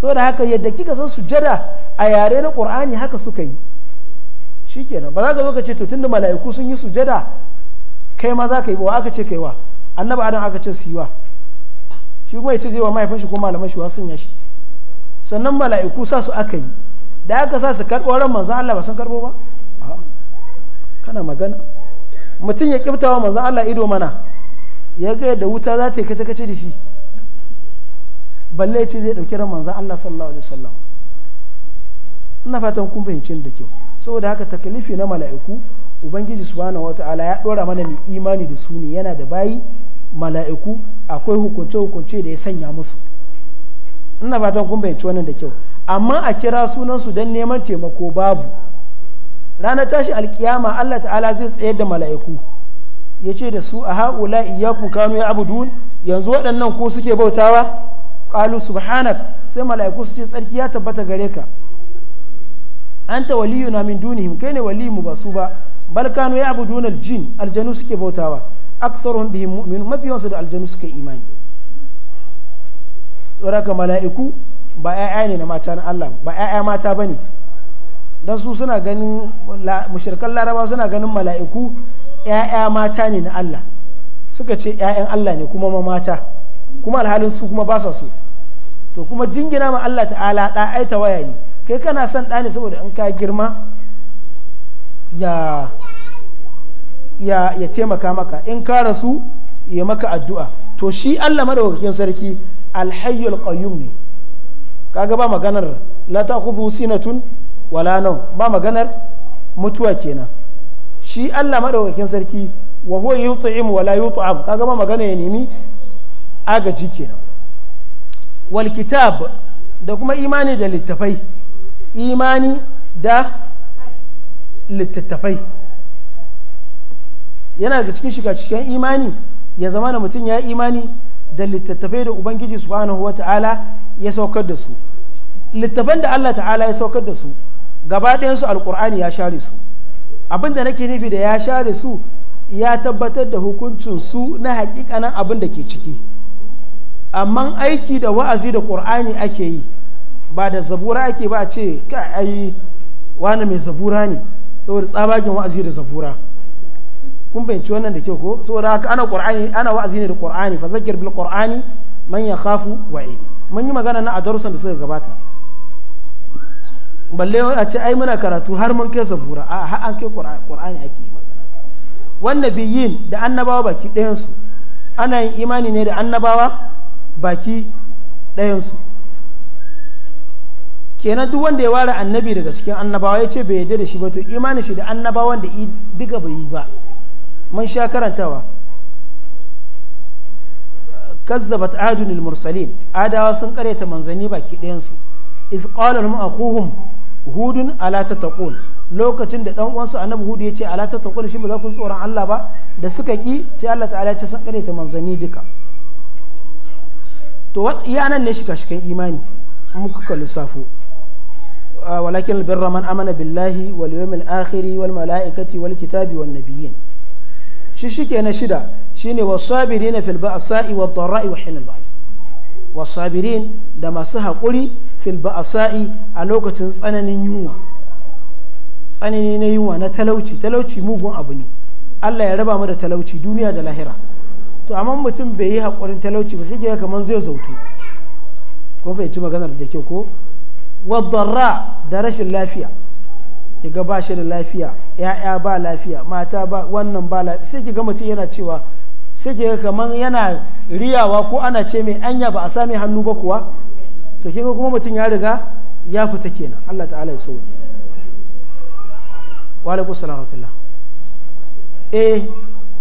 saboda haka yadda kika san sujada a yare na qur'ani haka suka yi shikenan ba za ka zo ka ce to tunda mala'iku sun yi sujada kai ma za ka yi ba aka ce kai wa annabi adam aka ce su yi wa shi kuma ya ce zai wa mahaifin shi ko malaman shi wa sun yashi sannan mala'iku sa su aka yi da aka sa su karɓo ran manzan Allah ba sun karɓo ba kana magana mutum ya wa manzan Allah ido mana ya ga da wuta za ta yi kace-kace da shi balle ce zai ɗauki ran manzan Allah sallallahu alaihi wasallam ina fatan kun fahimci da kyau saboda haka takalifi na mala'iku ubangiji subhanahu wata'ala ya dora mana ni imani da su ne yana da bayi mala'iku akwai hukunce hukunce da ya sanya musu ina fatan kun bayanci wannan da kyau amma a kira sunan su don neman taimako babu ranar tashi alkiyama Allah ta'ala zai tsayar da mala'iku ya ce da su a ha'ula iyakun kanu ya abudun yanzu waɗannan ko suke bautawa qalu subhanak sai mala'iku su ce tsarki ya tabbata gare ka anta waliyuna min dunihim kai ne waliyu ba su ba bal kanu ya abudun aljin aljanu suke bautawa aktharuhum bihim mu'min mafiyansu da aljanu suke imani ka mala'iku ba 'ya'ya ne na mata na Allah ba 'ya'ya mata bane dan su suna ganin mushrikan laraba suna ganin mala'iku 'ya'ya mata ne na Allah suka ce 'ya'yan Allah ne kuma ma mata kuma alhalin su kuma ba sa to kuma jingina ma Allah ta'ala da aita waya ne kai kana son ɗa ne saboda in ka girma ya ya ya taimaka maka in ka rasu ya maka addu'a to shi Allah madaukakin sarki alhayyul qayyum ne kaga ba maganar la ta'khudhu sinatun wala ba maganar mutuwa kenan shi Allah madaukakin sarki wa huwa yut'im wala yut'am kaga ba magana ya nemi agaji kenan wal kitab da kuma imani da littafai imani da littattafai yana daga cikin shiga cikin imani ya zama na mutum ya imani da littattafai da ubangiji subhanahu wa ta'ala ya saukar da su littafan da allah ta'ala ya saukar da su gaba ɗayansu alkur'ani ya share su abin da nake nufi da ya share su ya tabbatar da hukuncin su na hakikanin abin da ke ciki amma aiki da wa'azi da ƙur'ani ake yi ba da zabura ake ba a ce ka ai wani mai zabura ne saboda tsabagen wa'azi da zabura kun fahimci wannan da kyau ko saboda haka ana qur'ani ana wa'azi ne da qur'ani fa zakir bil qur'ani man yakhafu wa'id mun yi magana na a darussan da suka gabata balle a ce ai muna karatu har mun kai zabura a har an kai qur'ani ake yi magana wannan biyin da annabawa baki su ana yin imani ne da annabawa baki ɗayansu kenan duk wanda ya ware annabi daga cikin annabawa ya ce bai yadda da shi ba to imanin shi da annabawan da duka bai yi ba mun sha karantawa kazzabat adunil mursalin adawa sun karyata manzani baki su iz qala lahum akhuhum hudun ala tattaqun lokacin da dan uwansu annabi hudu ya ce ala tattaqun shi ba za ku tsoron Allah ba da suka ki sai Allah ta'ala ya ce sun karyata manzanni duka to ya iyanan ne shi kashikan imani muka lissafo walakin albirra man amana billahi wal yawmil akhir wal malaikati wal kitabi wan nabiyyin na shida shine wasabirina fil ba'sa'i wad dharra'i wa hinal ba's wasabirin da masu haƙuri fil ba'sa'i a lokacin tsananin yunwa tsanani na yunwa na talauci talauci mugun abu ne Allah ya raba mu da talauci duniya da lahira to amma mutum bai yi haƙurin talauci ba sai ke kamar zai zautu kun fahimci maganar da kyau ko wadarra da rashin lafiya ki ga ba shi da lafiya ya'ya ba lafiya mata ba wannan ba lafiya sai ki ga mutum yana cewa sai ki ga kamar yana riyawa ko ana ce mai anya ba a sami hannu ba kuwa to ki ga kuma mutum ya riga ya fita kenan Allah ta'ala ya sauke wa alaikum salam eh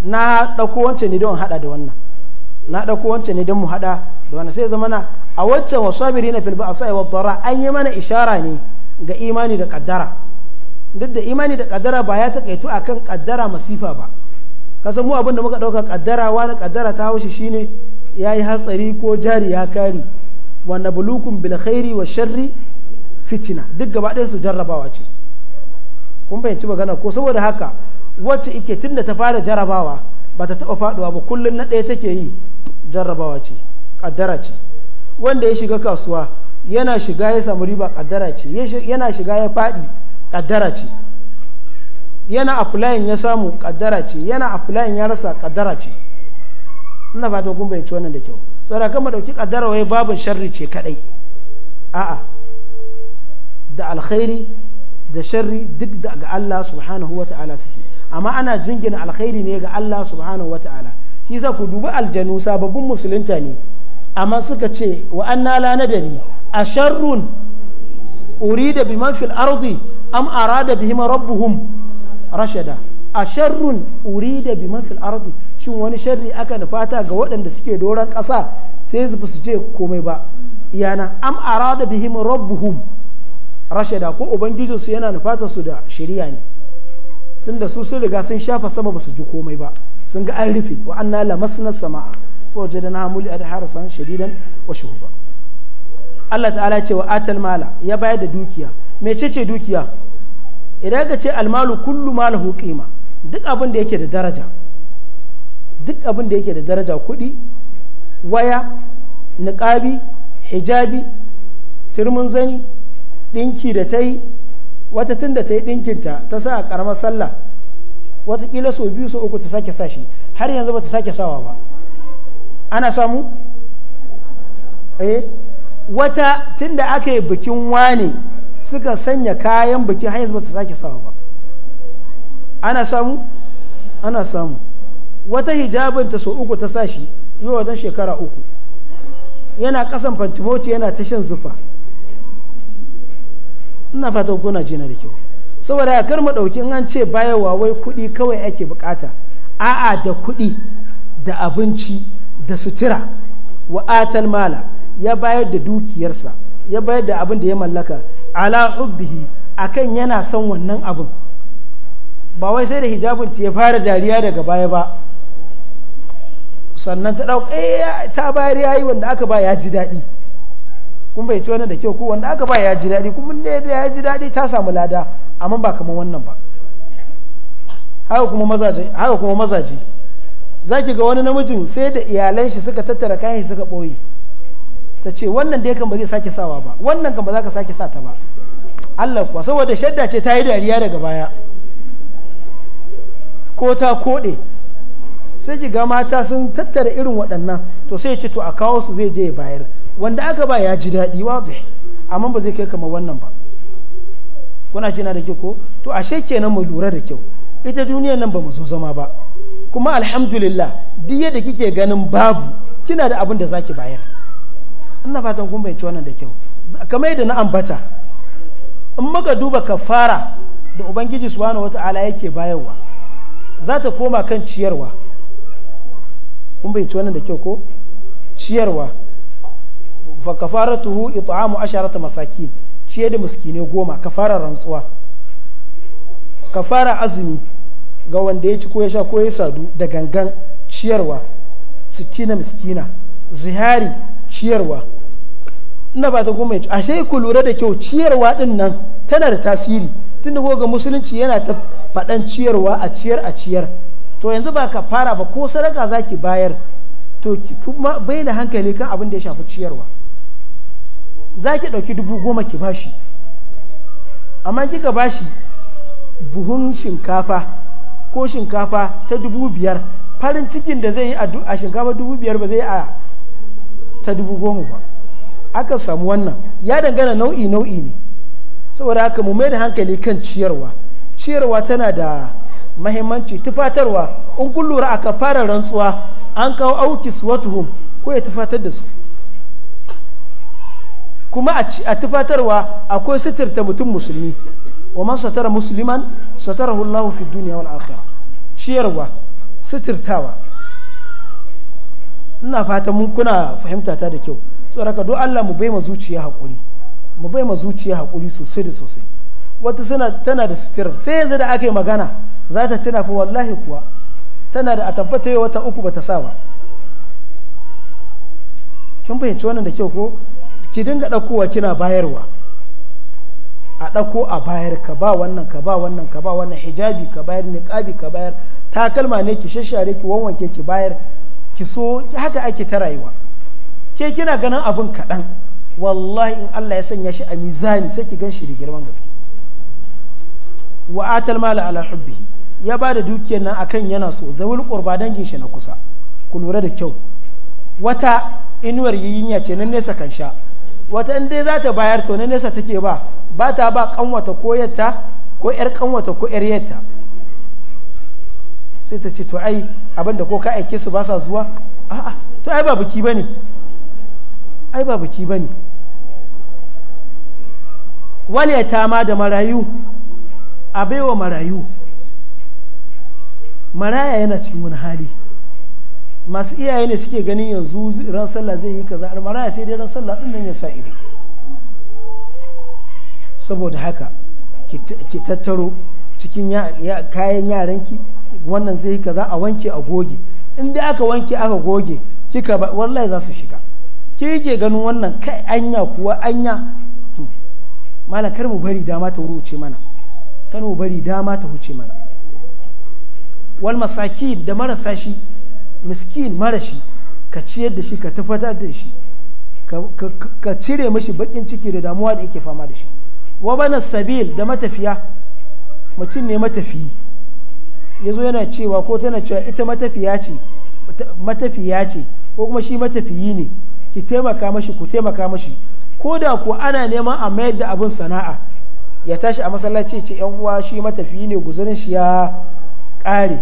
na dauko wancan ne don haɗa da wannan na ɗauko wancan ne don mu haɗa da wani sai zama na a waccan wasu na filba a sa'i wa tsara an yi mana ishara ne ga imani da kaddara duk da imani da kaddara ba ya taƙaito a kan kaddara masifa ba kasan mu abin da muka ɗauka kaddara wani kaddara ta haushi shine ya yi hatsari ko jari ya kari wanda bulukun bil wa sharri fitina duk gaba ɗaya su jarrabawa ce kun fahimci magana ko saboda haka wacce ike tun da ta fara jarrabawa ba ta taɓa faɗuwa ba kullum na ɗaya take yi jarrabawa ce ƙaddara ce wanda ya shiga kasuwa yana shiga ya samu riba ƙaddara ce yana shiga ya faɗi ƙaddara ce yana aflayin ya samu ƙaddara ce yana aflayin ya rasa ƙaddara ce ina fatan kun bayanci wannan da kyau saboda ma ɗauki ƙaddara wai babin sharri ce kaɗai a'a da alkhairi da sharri duk da ga Allah subhanahu wa ta'ala suke amma ana jingina alkhairi ne ga Allah subhanahu wataala shi yasa ku dubi aljanu sababbin musulunta ne amma suka ce wa anna la nadari asharrun urida biman fil ardi am arada bihim rabbuhum rashada asharrun urida biman fil ardi shin wani sharri aka da fata ga waɗanda suke doron ƙasa sai su su ce komai ba yana am arada bihim rabbuhum rashada ko ubangijinsu yana nufatar su da shari'a ne tunda su sun riga sun shafa sama ba su ji komai ba sun ga an rufe wa an anna lamasna sama'a da na hamuli adharasan shadidan wa shuhuba Allah ta'ala ce wa atal mala ya bayar da dukiya ce dukiya idan ka ce almalu kullu malahu qima duk abin da yake da daraja duk abin da yake da daraja kuɗi waya niƙabi hijabi turmin zani ɗinki da ta yi wata tun da ta yi ɗinkinta ta sa a ƙaramar sallah watakila sau biyu sau uku ta sake sa shi har yanzu ba ta sake sawa ba ana samu eh wata tun da aka yi bikin wane suka sanya kayan bikin har yanzu ba ta sake sawa ba ana samu ana samu wata hijabinta sau uku ta sa shi yi wajen shekara uku yana kasan fantimoti yana ta shan zufa ina fata kuna ji na da kyau saboda ya kar mu dauki in an ce bayarwa wai kuɗi kawai ake bukata a'a da kudi da abinci da sutura wa atal mala ya bayar da dukiyarsa ya bayar da abin da ya mallaka ala hubbihi akan yana son wannan abin ba wai sai da hijabin ya fara dariya daga baya ba sannan ta ɗauka eh, ta bayar yayi wanda aka ba ya ji daɗi kun bai ci wani da kyau ko wanda aka ba ya ji daɗi kuma ne da ya ji daɗi ta samu lada amma ba kamar wannan ba haka kuma mazaje haka kuma ga wani namijin sai da iyalan shi suka tattara kayan suka ɓoye ta ce wannan dai kan ba zai sake sawa ba wannan kan ba za ka sake sa ta ba Allah kuwa saboda shadda ce ta yi dariya daga baya ko ta koɗe sai ki ga mata sun tattara irin waɗannan to sai ya ce to a kawo su zai je ya bayar wanda aka ba ya ji daɗi wato amma ba zai kai kamar wannan ba kuna jina da kyau ko to ashe kenan mu lura da kyau ita duniyar nan ba mu zo zama ba kuma alhamdulillah duk yadda kike ganin babu kina da abin da zaki bayar ina fatan kun bayyana wannan da kyau kamar yadda na ambata in muka duba kafara da ubangiji subhanahu wata'ala yake bayarwa za ta koma kan ciyarwa kun bayyana wannan da kyau ko ciyarwa fa kafaratuhu it'amu asharata masakin ciye da miskine goma kafara rantsuwa kafara azumi ga wanda ya ci ko ya sha ko ya sadu da gangan ciyarwa na miskina zihari ciyarwa ina ba ta kuma ashe ku lura da kyau ciyarwa din nan tana da tasiri tunda ko ga musulunci yana ta faɗan ciyarwa a ciyar a ciyar to yanzu ba ka fara ba ko sadaka zaki bayar to kuma bai da hankali kan abin da ya shafi ciyarwa za ki ɗauki dubu goma ki bashi amma kika bashi buhun shinkafa ko shinkafa ta dubu biyar farin cikin da zai yi a shinkafa dubu biyar ba zai a ta dubu goma ba aka samu wannan ya dangana nau'i nau'i ne saboda haka mu mai da hankali kan ciyarwa ciyarwa tana da mahimmanci tufatarwa in kun lura aka fara rantsuwa an kawo auki tuhum ko ya tufatar da su kuma a tufatarwa akwai suturta mutum musulmi wa man satara musliman satara hulahu fi duniya wal akhirah ciyarwa suturtawa ina fata mun kuna fahimta ta da kyau tsoraka don Allah mu bai ma zuciya hakuri mu bai ma zuciya hakuri sosai da sosai wata suna tana da suturar sai yanzu da aka yi magana za ta tana fa wallahi kuwa tana da atamfa yau wata uku ba ta sa ba kin fahimci wannan da kyau ko ki dinga ɗaukowa kina bayarwa a ɗauko a bayar ka ba wannan ka ba wannan ka ba wannan hijabi ka bayar niƙabi ka bayar takalma ne ki shashare ki wanwanke ki bayar ki so haka ake ta rayuwa ke kina ganin abin kaɗan wallahi in Allah ya sanya shi a mizani sai ki gan shi da girman gaske wa atal mala ala hubbihi ya ba da dukiyar nan akan yana so zawul qurba dangin shi na kusa ku lura da kyau wata inuwar yinya ce nan nesa kan sha wata in dai za ta bayar to na nesa take ba ba ta ba kanwata ko yatta ko yar kanwata ko yar yatta sai ta ce to ai abinda ko ka aike su ba sa zuwa a'a to ai ba biki bane ai ba biki bane wal ma da marayu a baiwa marayu maraya yana cikin wani hali masu iyaye ne suke ganin yanzu ran sallah zai yi kaza ya sai dai ran sallah din nan ya sa ido saboda haka ki tattaro cikin kayan yaranki wannan zai yi kaza a wanke a goge in dai aka wanke aka goge kika ba wallahi za su shiga ke ke ganin wannan kai anya kuwa anya hmm. malam kar mu bari dama ta wuce mana kar mu bari dama ta huce mana wal masakin da marasa shi miskin marashi ka ciyar da shi ka tafatar da shi ka cire mashi bakin ciki da damuwa da yake fama da shi wa bana sabil da matafiya mutum ne matafi ya zo yana cewa ko tana cewa ita matafiya ce matafiya ce ko kuma shi matafiyi ne ki taimaka mashi ku taimaka mashi ko da ku ana neman a mayar da abin sana'a ya tashi a masallaci ce yan uwa shi matafiyi ne guzurin shi ya ƙare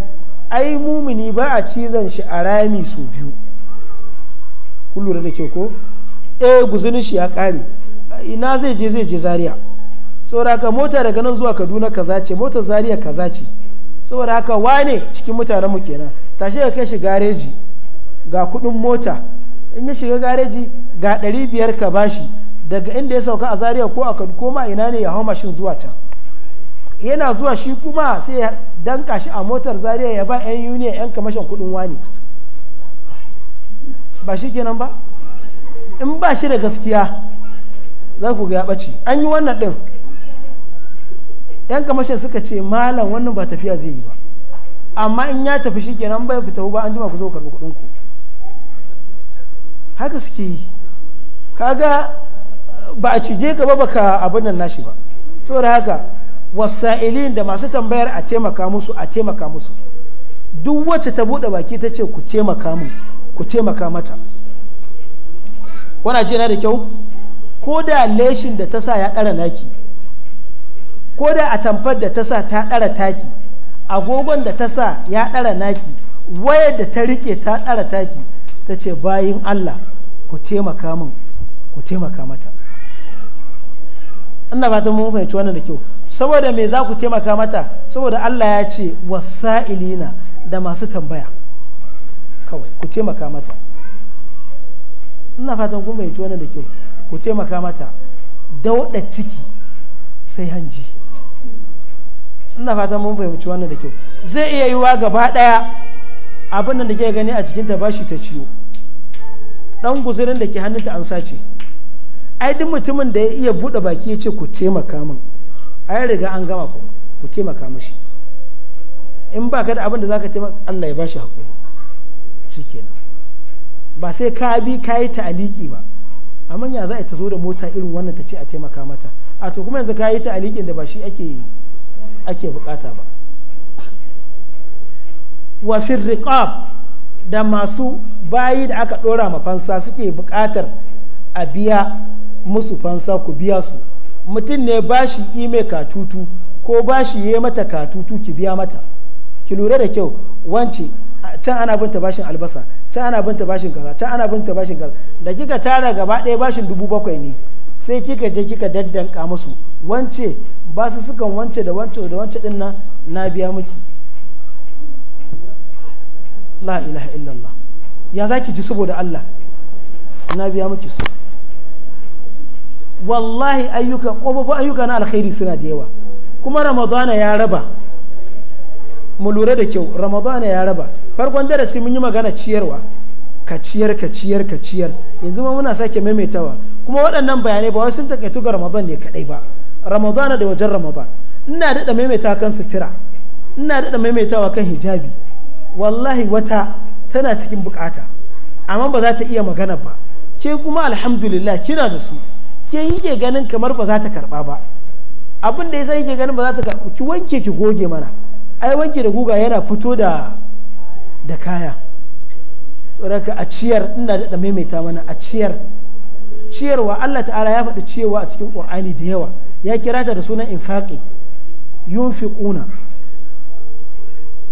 ai mumini ba a cizon shi a rami su biyu kun lura da ke ko e guzunin shi ya kare ina zai je zai je zaria saboda haka mota daga nan zuwa kaduna kaza ce mota zaria kaza ce saboda haka wane cikin mutanen mu kenan tashi ka kai shi gareji ga kudin mota in ya shiga gareji ga 500 ka bashi daga inda ya sauka a zaria ko a ko ma ina ne ya hau mashin zuwa can yana zuwa shi kuma sai ya danka shi a motar zaria ya ba 'yan Yuniya 'yan kamashin kudin wani ba shi kenan ba in ba shi da gaskiya za ku ga ya ɓace an yi wannan ɗin 'yan kamashin suka ce malam wannan ba tafiya zai yi ba amma in ya tafi shi kenan bai fita ba an jima ku zo karɓi kuɗin ku haka suke yi kaga ba a cije ka ba baka abin nan nashi ba saboda haka wasa'ilin da masu tambayar a taimaka musu a taimaka musu duk wacce ta buɗe baki ta ce ku taimaka min ku taimaka mata wana ce na da kyau ko da leshin da ta sa ya ɗara naki ko da atamfar da ta sa ta ɗara taki agogon da ta sa ya ɗara naki wayar da ta rike ta ɗara taki ta ce bayin allah ku taimaka min ku taimaka mata ina fatan mun fahimci wannan da kyau saboda me za ku taimaka mata saboda Allah ya ce wasa'ilina da masu tambaya kawai ku taimaka mata ina fatan kun fahimci wannan da kyau ku taimaka mata dauda ciki sai hanji ina fatan mun fahimci wannan da kyau zai iya yiwa gaba daya abin da ke gani a cikin ta bashi ta ciwo dan guzurin da ke hannunta an sace ai duk mutumin da ya iya buɗe baki ya ce ku taimaka min ai riga an gama ku ku taimaka mashi in ba ka da abin da za ka taimaka Allah ya bashi hakuri shikenan ba sai ka bi ka yi ta'aliki ba amma ya za a ta zo da mota irin wannan ta ce a taimaka mata a to kuma yanzu ka yi ta'alikin da ba shi ake ake bukata ba wa riqab da masu bayi da aka dora mafansa suke bukatar a biya musu fansa ku biya su mutum ne ba shi ime katutu ko ba shi ya mata katutu ki biya mata ki lura da kyau wance can ana binta bashin albasa can ana binta bashin kaza can ana binta bashin kaza da kika tara gaba ɗaya bashin dubu bakwai ne sai kika je kika daddanka musu wance ba su sukan wance da wance da wance din nan na biya miki la ilaha illallah ya za ki ji saboda Allah na biya miki su wallahi ayyuka ƙofofin ayyuka na alkhairi suna da yawa kuma ramadana ya raba mu lura da kyau ramadana ya raba farkon darasi mun yi magana ciyarwa ka ciyar ka ciyar ka ciyar yanzu ma muna sake maimaitawa kuma waɗannan bayanai ba wasu sun takaitu ga ramadan ne kaɗai ba ramadana da wajen ramadan ina daɗa maimaitawa kan sutura ina daɗa maimaitawa kan hijabi wallahi wata tana cikin bukata amma ba za ta iya magana ba ke kuma alhamdulillah kina da su ke yake ganin kamar ba za ta karba ba abin da yasa yake ganin ba za ta karba ki wanke ki goge mana ai wanke da guga yana fito da da kaya tsoraka a ciyar ina da maimaita mana a ciyar ciyarwa Allah ta'ala ya faɗi ciyarwa a cikin Qur'ani da yawa ya kira ta da sunan infaqi yunfiquna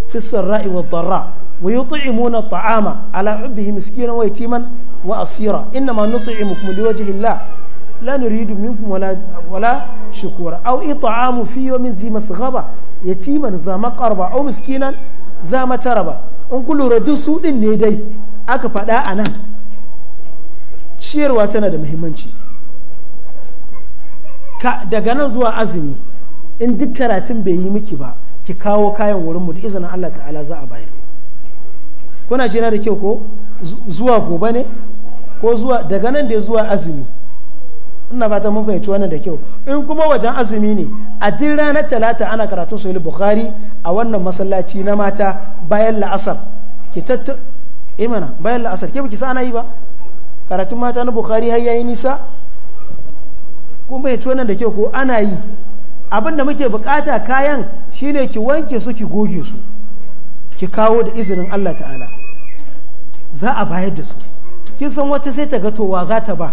fi ra'i wa dharra wa yut'imuna ta'ama ala hubbihi miskinan wa yatiman wa asira inna ma nut'imukum liwajhi la nuridu minkum wala wala shukura aw it'amu fi yawmin dhi masghaba yatiman za maqarba aw miskinan za mataraba in ku lura duk su din ne dai aka fada anan ciyarwa tana da muhimmanci daga nan zuwa azumi in duk karatun bai yi miki ba ki kawo kayan wurin mu da izinin Allah ta'ala za a bayar kuna jina da kyau ko zuwa gobe ne ko zuwa daga nan da zuwa azumi ina fata mun fahimci wannan da kyau in kuma wajen azumi ne a duk ranar talata ana karatun sahih bukhari a wannan masallaci na mata bayan la'asar ki tattu imana eh bayan la'asar ke biki sa ana yi ba karatun mata na bukhari har yayi nisa kun fahimci wannan da kyau ko ana yi abin da muke bukata kayan shine ki wanke su ki goge su ki kawo da izinin Allah ta'ala za a bayar da su kin san wata sai ta gatowa za ta ba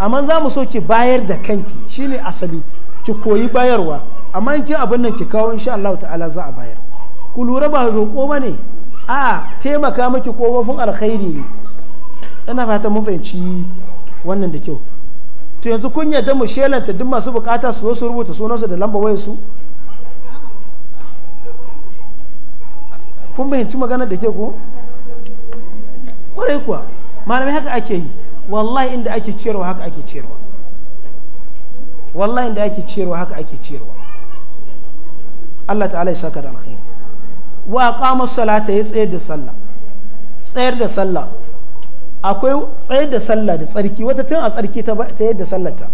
amma za mu so ki bayar da kanki shine asali ki koyi bayarwa amma in kin abin nan ki kawo insha Allah ta'ala za a bayar ku lura ba roƙo ba ne a taimaka miki kofofin alkhairi ne ina fata mun fahimci wannan da kyau to yanzu kun yarda mu shelanta duk masu bukata su zo su rubuta sunansu da lamba wayar su kun fahimci magana da kyau ko kwarai kuwa malamai haka ake yi wallahi inda ake ciyarwa haka ake ciyarwa wallahi inda ake ciyarwa haka ake ciyarwa Allah ta'ala ya saka da alkhairi wa qama salata ya tsayar da sallah tsayar da sallah akwai tsayar da sallah da tsarki wata tun a tsarki ta yadda sallata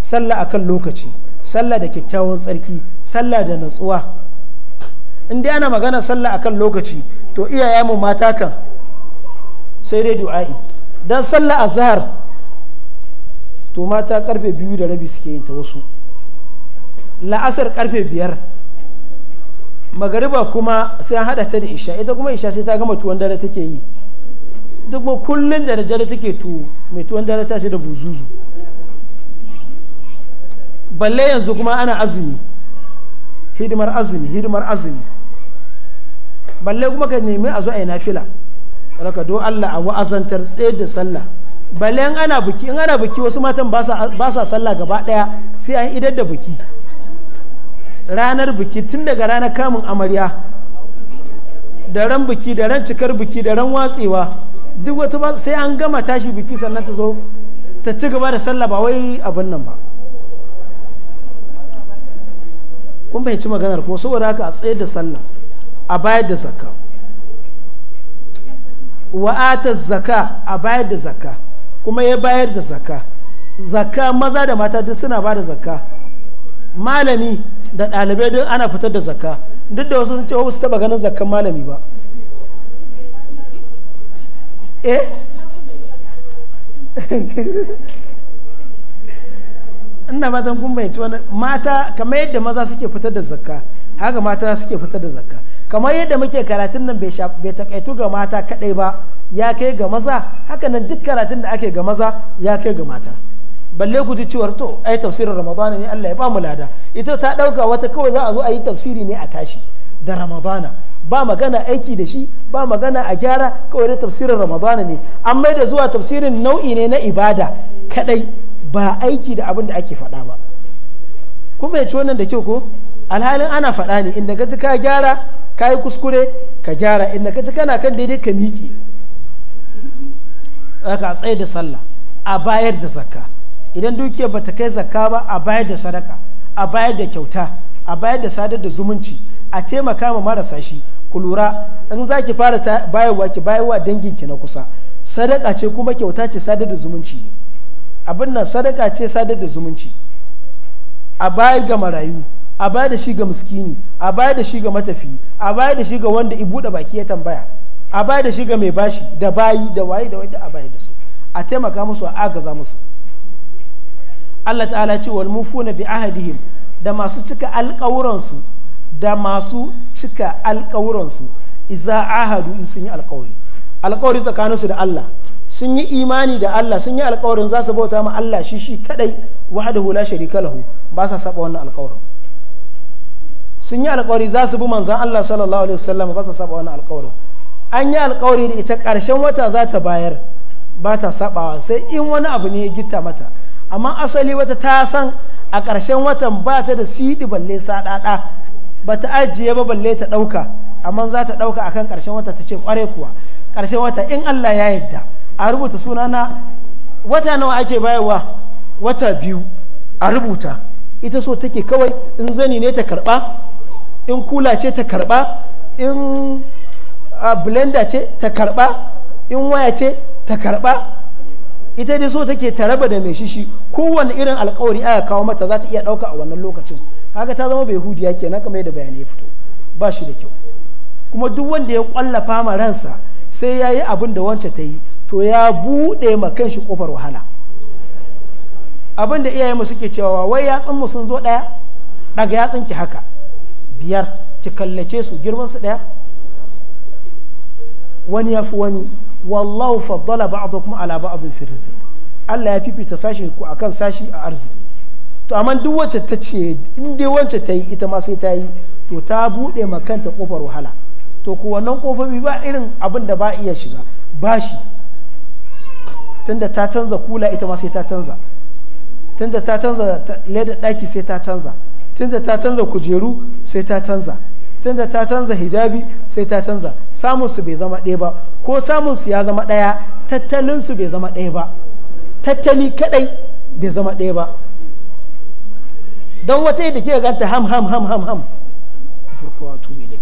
sallah akan lokaci sallah da kyakkyawan tsarki sallah da natsuwa in dai ana magana sallah akan lokaci to iyayenmu mata kan sai dai du'a'i dan sallah azhar to mata karfe biyu da rabi suke yin ta wasu la'asar karfe biyar magariba kuma sai an hada ta da isha ita kuma isha sai ta gama tuwon dare take yi duk kuma kullum da dare take tuwo mai tuwon dare ta ce da buzuzu balle yanzu kuma ana azumi hidimar azumi hidimar azumi balle kuma ka nemi a zo a yi nafila fila raka do Allah a wa'azantar tsaye da sallah bale in ana biki in ana biki wasu matan ba sa sallah gaba daya sai an idar da biki ranar biki tun daga ranar kamun amarya da ran biki da ran cikar biki da ran watsewa duk wata ba sai an gama tashi biki sannan ta zo ta ci gaba da sallah ba wai abin nan ba kun fahimci maganar ko saboda haka a tsayar da sallah a bayar da zakka wa'atar zaka a bayar da zaka kuma ya bayar da zaka zaka maza da mata duk suna ba da zaka malami da ɗalibai duk ana fitar da zaka duk da wasu sun ce wasu taɓa ganin zakan malami ba eh ina fatan kun bayyanci wani mata kamar yadda maza suke fitar da zaka haka mata suke fitar da zaka. kamar yadda muke karatun nan bai takaitu ga mata kadai ba ya kai ga maza haka nan duk karatun da ake ga maza ya kai ga mata balle ku ji cewar to ai tafsirin ramadana ne Allah ya ba mu lada ita ta dauka wata kawai za a zo a yi tafsiri ne a tashi da ramadana ba magana aiki da shi ba magana a gyara kawai da tafsirin ramadana ne an mai da zuwa tafsirin nau'i ne na ibada kadai ba aiki da abin da ake faɗa ba kuma ya ci wannan da kyau ko alhalin ana faɗa ne inda ka ji ka gyara ka yi kuskure ka gyara inda ka ji kana kan daidai ka miƙe ka tsaye da sallah a bayar da zakka idan dukiyar bata kai zakka ba a bayar da sadaka a bayar da kyauta a bayar da sadar da zumunci a taimaka ma marasa shi ku lura in za ki fara bayarwa ki bayarwa danginki na kusa sadaka ce kuma kyauta ce sadar da zumunci ne abin nan sadaka ce sadar da zumunci a bayar ga marayu a bayar da shi ga muskini a bayar da shi ga matafi a bayar da shi ga wanda i buɗe baki ya tambaya a bayar da shi ga mai bashi da bayi da waye da wanda a bayar da su a taimaka musu a agaza musu Allah ta'ala ce wal mufuna bi ahadihim da masu cika su da masu cika su iza ahadu in sun yi alƙawari alƙawari su da Allah sun yi imani da Allah sun yi alƙawarin za su bauta ma Allah shi shi kadai wahdahu la sharika lahu ba sa saba wannan alƙawarin sun yi alkawari za su bi manzan Allah sallallahu alaihi wasallam ba su saba wani alkawarin an yi alkawari da ita karshen wata za ta bayar ba ta sabawa sai in wani abu ne ya gita mata amma asali wata ta san a karshen watan ba ta da siɗi balle saɗaɗa ba ta ajiye ba balle ta ɗauka amma za ta ɗauka kan karshen wata ta ce kware kuwa karshen wata in Allah ya yarda a rubuta sunana wata nawa ake bayarwa wata biyu a rubuta ita so take kawai in zani ne ta karɓa in kula ce ta karba in a blenda ce ta karba in waya ce ta karba ita dai so take ta raba da mai shishi kowane irin alkawari aka kawo mata za ta iya ɗauka a wannan lokacin haka ta zama bai hudiya na kamar da bayanai ya fito ba shi da kyau kuma duk wanda ya kwallafa ma ransa sai ya yi abin da wancan ta yi to ya buɗe ma kanshi kofar wahala abin da mu suke cewa wai mu sun zo ɗaya daga yatsunki haka biyar ki kallace su girman su daya wani ya fi wani wallahu faddala kuma ala ba'd fi rizq Allah ya fifita sashi ku akan sashi a arziki to amma duk wacce ta ce in dai wacce ta yi ita ma sai ta yi to ta buɗe makanta kofar wahala to ku wannan kofofi ba irin abin da ba iya shiga bashi tunda ta canza kula ita ma sai ta canza tunda ta canza ledar daki sai ta canza tunda ta canza kujeru sai ta canza tunda ta canza hijabi sai ta canza samun su bai zama ɗaya ba ko samun su ya zama ɗaya tattalin su bai zama ɗaya ba tattali kaɗai bai zama ɗaya ba don wata yadda ke ganta ham ham ham ham ham ta farko wato mai